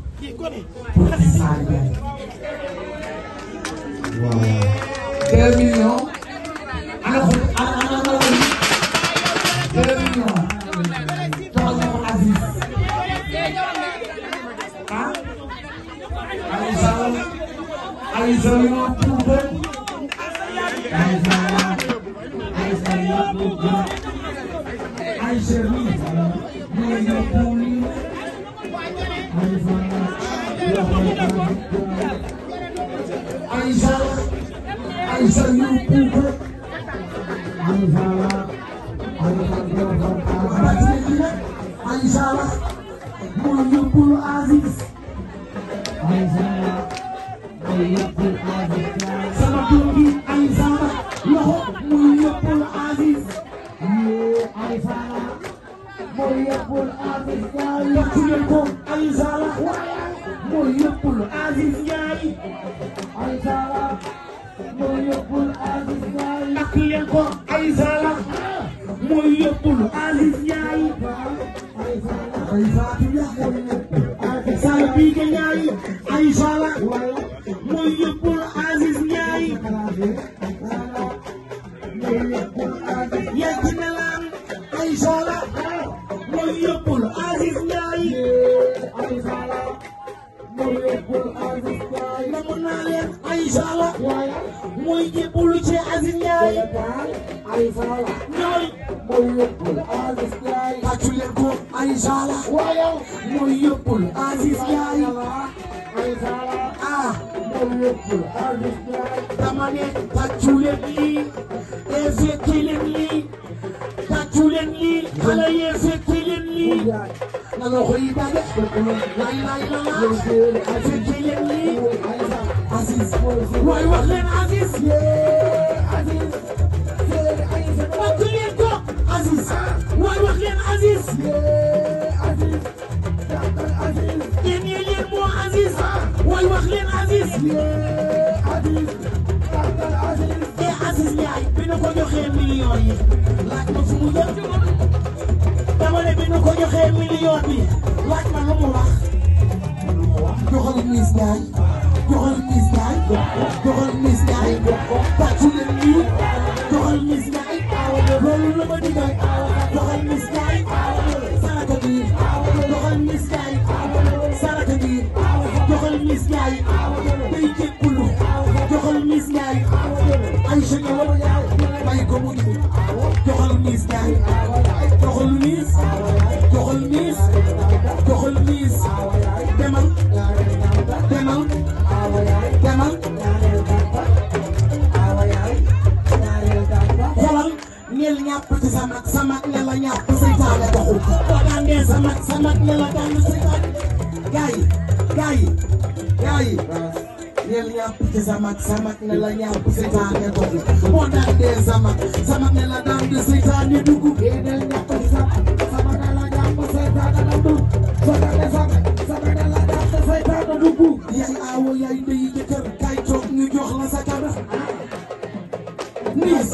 niis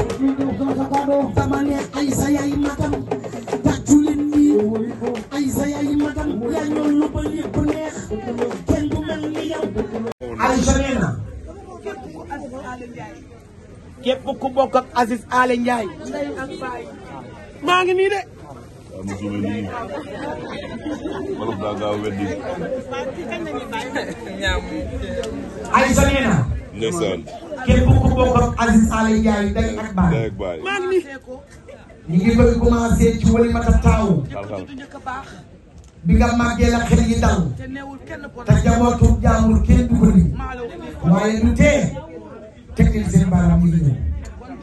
dama ne Aysa yaay magam tàccu leen nii Aysa yaay magam yaa ñoon lu ba lépp neex kenn du mel ni Aysa nee na képp ku bokk Aziz Ale Ndiaye maa ngi nii de ndeysaan képp ku bokk ak Aziz Sall Ndiaye day ak baay man mi ñu ngi bëgg commencé ci wali mata taaw bi nga màggee la xel yi dal te jabootu jaamul kenn du ko nii waaye du tee teg leen seen baaraam yi ñëw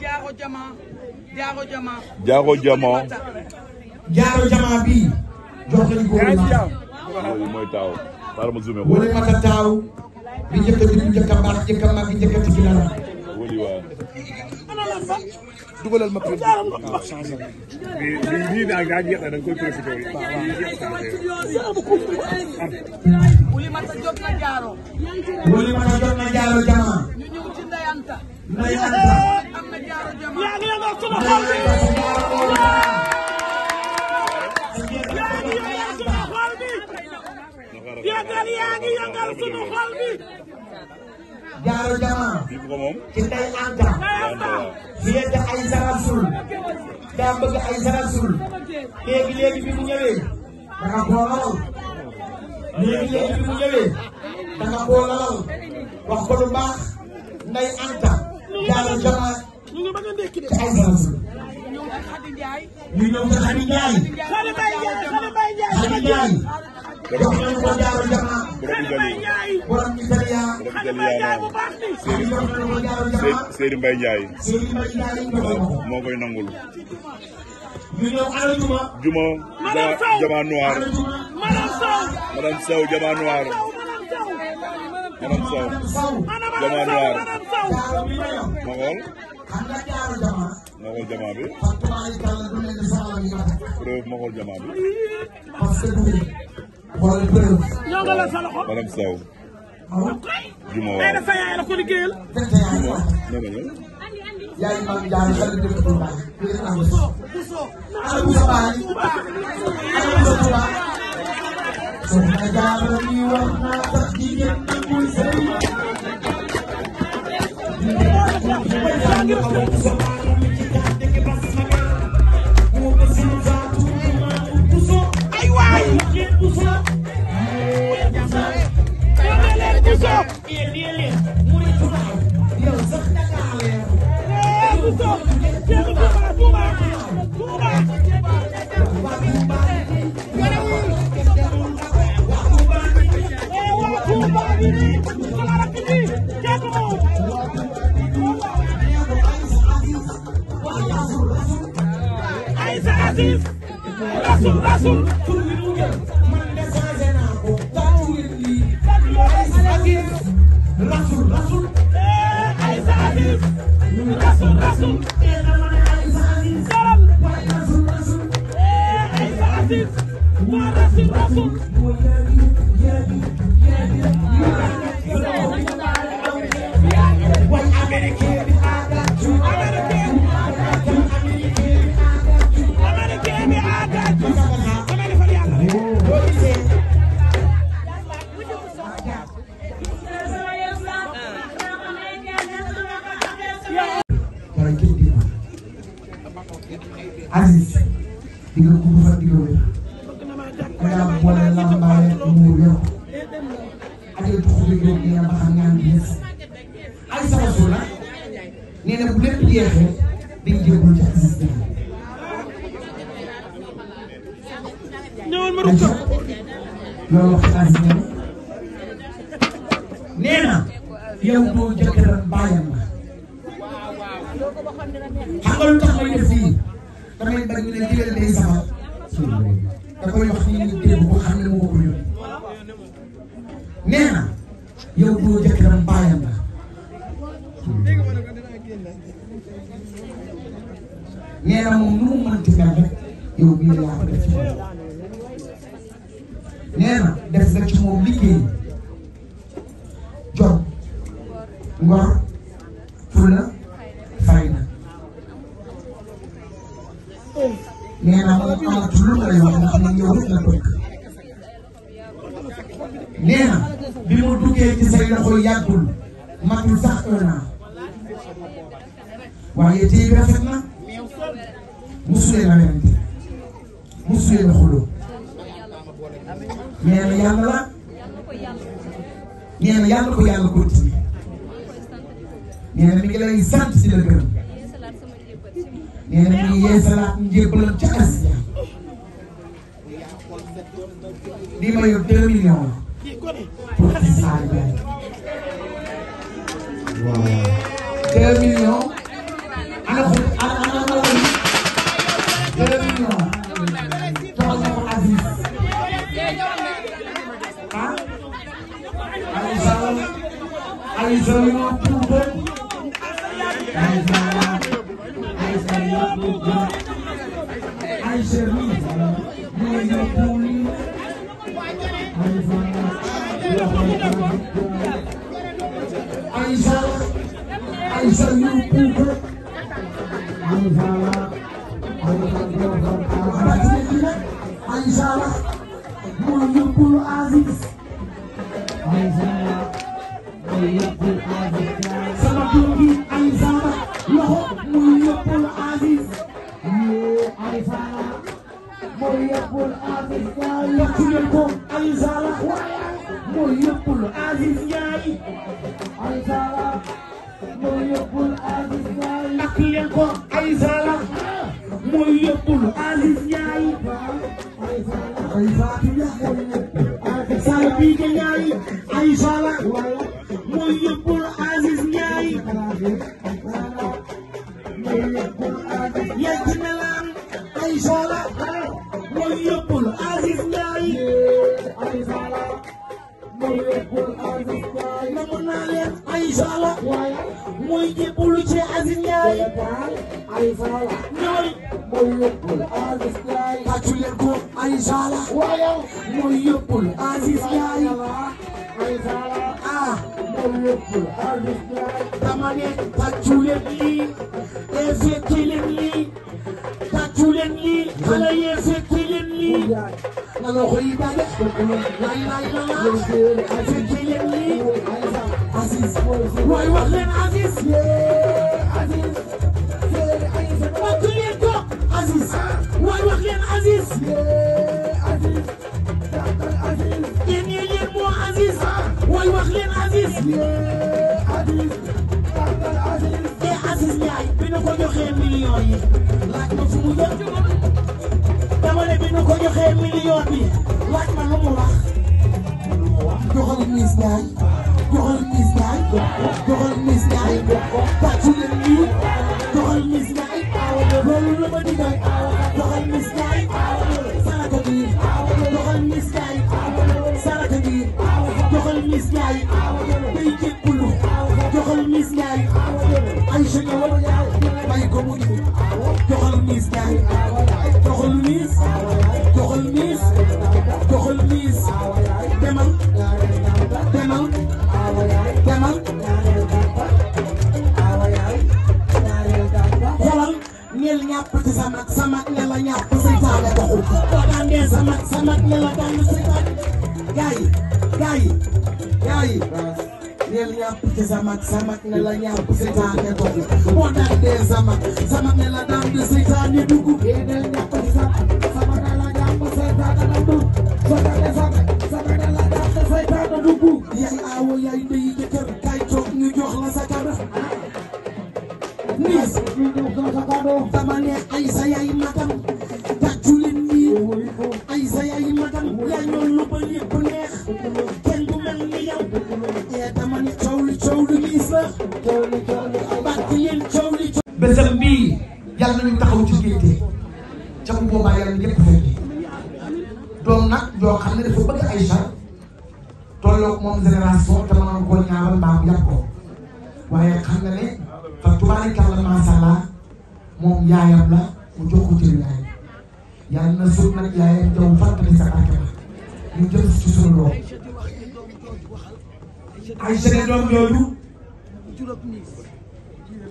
jaaro jama jaaro jama jaaro jama jaaro jama bi jox nañ ko wali mata taaw wali mata taaw bi njëkk a dugg njëkk a baax njëkk a màgg njëkk a tijji laa la. dugalal ma président waaw changé na. lii daal daa jeex na da nga koy profité. waaw waaw. Oulimata Diop na jaaro. Oulimata Diop na jaaro jama. ñu ñëw ci ndeyanta. ndeyanta. am na jaaro jama. yaa ngi leen wax sama xol bi. yëngal yaa ngi yëngal sunu xol bi. jaaro jama ci ndey Anta. su yedd ay saral suul. daa bëgg ay saral suul. léegi léegi bi mu ñëwee. dafa boolal. léegi léegi bi mu ñëwee. dafa boolal. wax ko lu baax. ndey Anta. jaaro jama ci ay saral suul. ñu ñëw ci Xadi Njaay. Xadi Njaay. ñoom ko jaaro jamma borom bi jaliya Seydi Mbaye Ndiaye moo koy nangul ñu ñëw ala juma juma jama noir madame Sow jama noir madame Sow jama noir ma xool ma xool jama bi preuve ma xool jama bi wala preuve. ñoo ngi lay sa loxo. madame Sow. juma waaw mais sa yaay la ko liggéeyal. yaay maam Ndiaye xale dëkk Touba. xale bu sa baay. xale bu sa Touba. soxna Jaara mi wax naa tax jigéen ñi sëy. Bousso. yéen yéen leen mu ne Touba yow sax Dakar leer. yéen Bousso yéen Touba Touba Touba. waa Touba bi nii sama rakk bi jéego. Aïssa Aziz Rasoul Rasoul. rasul rasul eh, ay saafis rasul rasul eh, ay saafis eh, rasul rasul Aziz di nga gudd fa di nga wér da ngaa boole làmbaale mu wér ajal tuxu bi ñoom nee na ba xam ñaan bi yëpp ay sama suul jeexee bala ne digal day safar da koy wax ni ñu dégg ko xam ne moo ko yónni nee na yow doo jëkkëram baayam la nee na moom nu mu mën ci mel rek yow bii yaa nga nee na yàlla ko yàlla ko moom yaayam la mu jox ko cër yaayam yàlla na suuf nag yaayam jaw fàttali sa barke ba ñu jëm ci suñu doom ay jege doom yooyu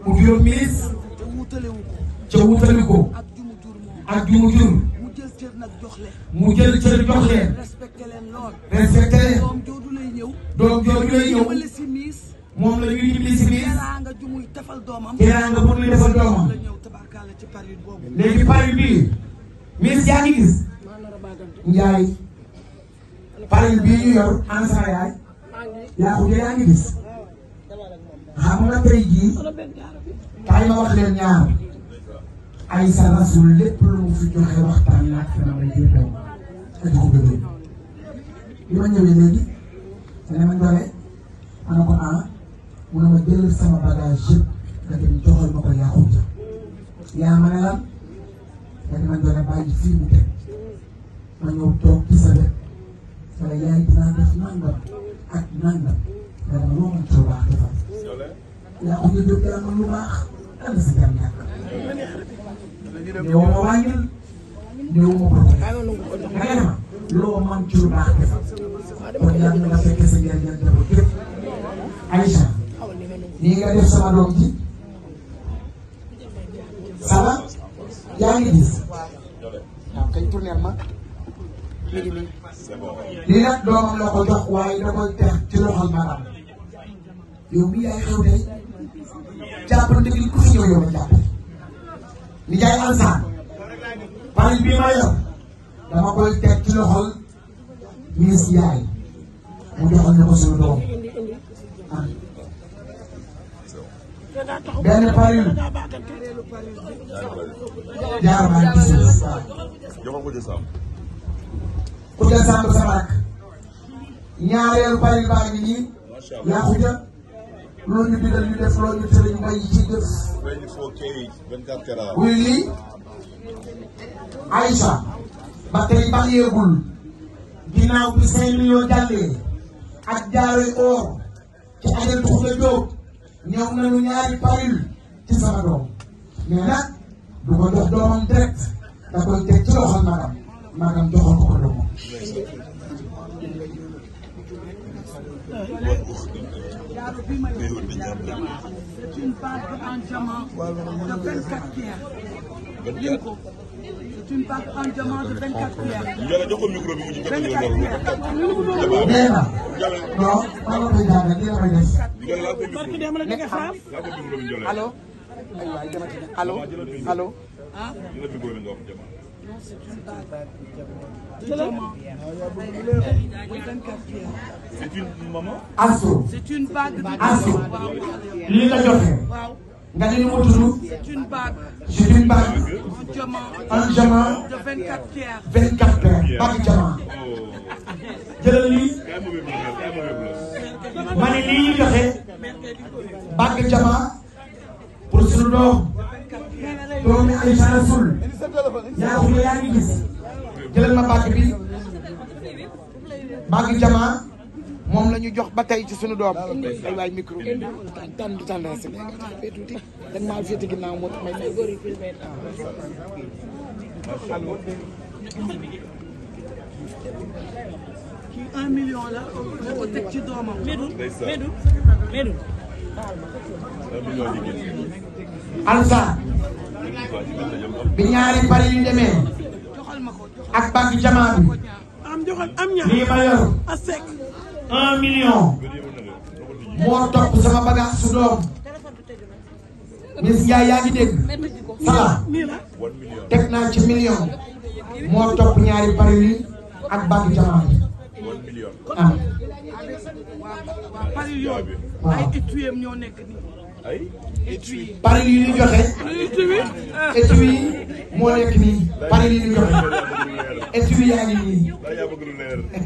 mu juróom miis ca ak ju mu jur mu jël cër jox leen respecté leen doom jooju lay ñëw moom la ñuy ñibbi si miis teraanga bu muy defal doomam léegi pari bii miis yaa ngi gis njaay pari bii ñu yor yaay yaa ko yaa ngi gis xam nga tey jii pari ma wax leen ñaar ay sa rasul lépp lu mu fi joxe waxtaan naag sama jiir doom ak ko bëggee bi ma ñëwee ma doole ana ko ah mu ne ma jëlal sama bagage yëpp nga ma ko yaa xuuja yaa ma ne lan nga ne ma doon bàyyi fii mu teg ma ñëw toog ci sa wet wala yaay dinaa def nangam ak nangam nga ne ma loo mën ci baax defal yaa ko jóg yaa mën lu baax dana si dem ñàkk néew ma wàññil néew ma ko nga ne ma loo mën ci lu baax defal kon yàlla na nga fekkee sa njëriñ ak njaboot yëpp Aïcha nii nga def sama doom ji ça va yaa ngi gis lii nag doomam la ko jox waaye da koy loxol maanaam yow mii yaay xew tey jàppante ni jaay alsaan pari bii ma yor dama koy teg ci loxol ministre yaay mu joxal na ko suñu doom benn Paris jaar maa ngi gis ku jël sàmm sama rakk baa ngi nii yaa fi jot loolu ñu bindal yeegul ginnaaw bi 5 millions ak jaaroy or ci ajal tuxu la jóg. ñoom nañu ñaari parul ci sama doom mais nag du ko jox doomam direct da koy teg ci loxol magam magam a ko doomam. Une barque une banque en diamant de 24 milliards. Ndiaye jox ko micro bi mu jëm ñu ne loolu. dee na. non man ma koy daal rek lii la may des. Ndiaye laa ko micro bi nekk xam. allo. allo allo. ah. Non, c'est une banque de diamants. C'est une maman. Asso. C'est une banque de diamants. Asso. lii la joxe. waaw. nga ne nu mu tudd. c'est une bague. c'est une bague. un diamant. un diamant. de 24 pierres. 24 pierres bague diamant. jëlal lii. ma ne lii ñu joxe. bague diamant. pour sunu doom. doomi Aïcha Rasoul. yaa ngi yaa ngi gis. jëlal ma bague bi. bague diamant. moom la ñu jox ba tey ci suñu doom ay waay micro tan tan du tan rek léegi tax fee tuuti dañ maa féete ginnaaw moo tax may un million la nga ko teg ci doomam Médoune Médoune Médoune alsa bi ñaari pare yu demee ak bàgg jamaa bi am joxal am ñaar lii ma yor a sec un million moo topp sama bagage su doom Miss Ndiaye yaa ngi dégg sala teg naa ci million moo topp ñaari pari yi ak bàgg jamono am ah. waaw pari yi ñu moo nekk nii pari yi ñu joxe étui yaa ngi nii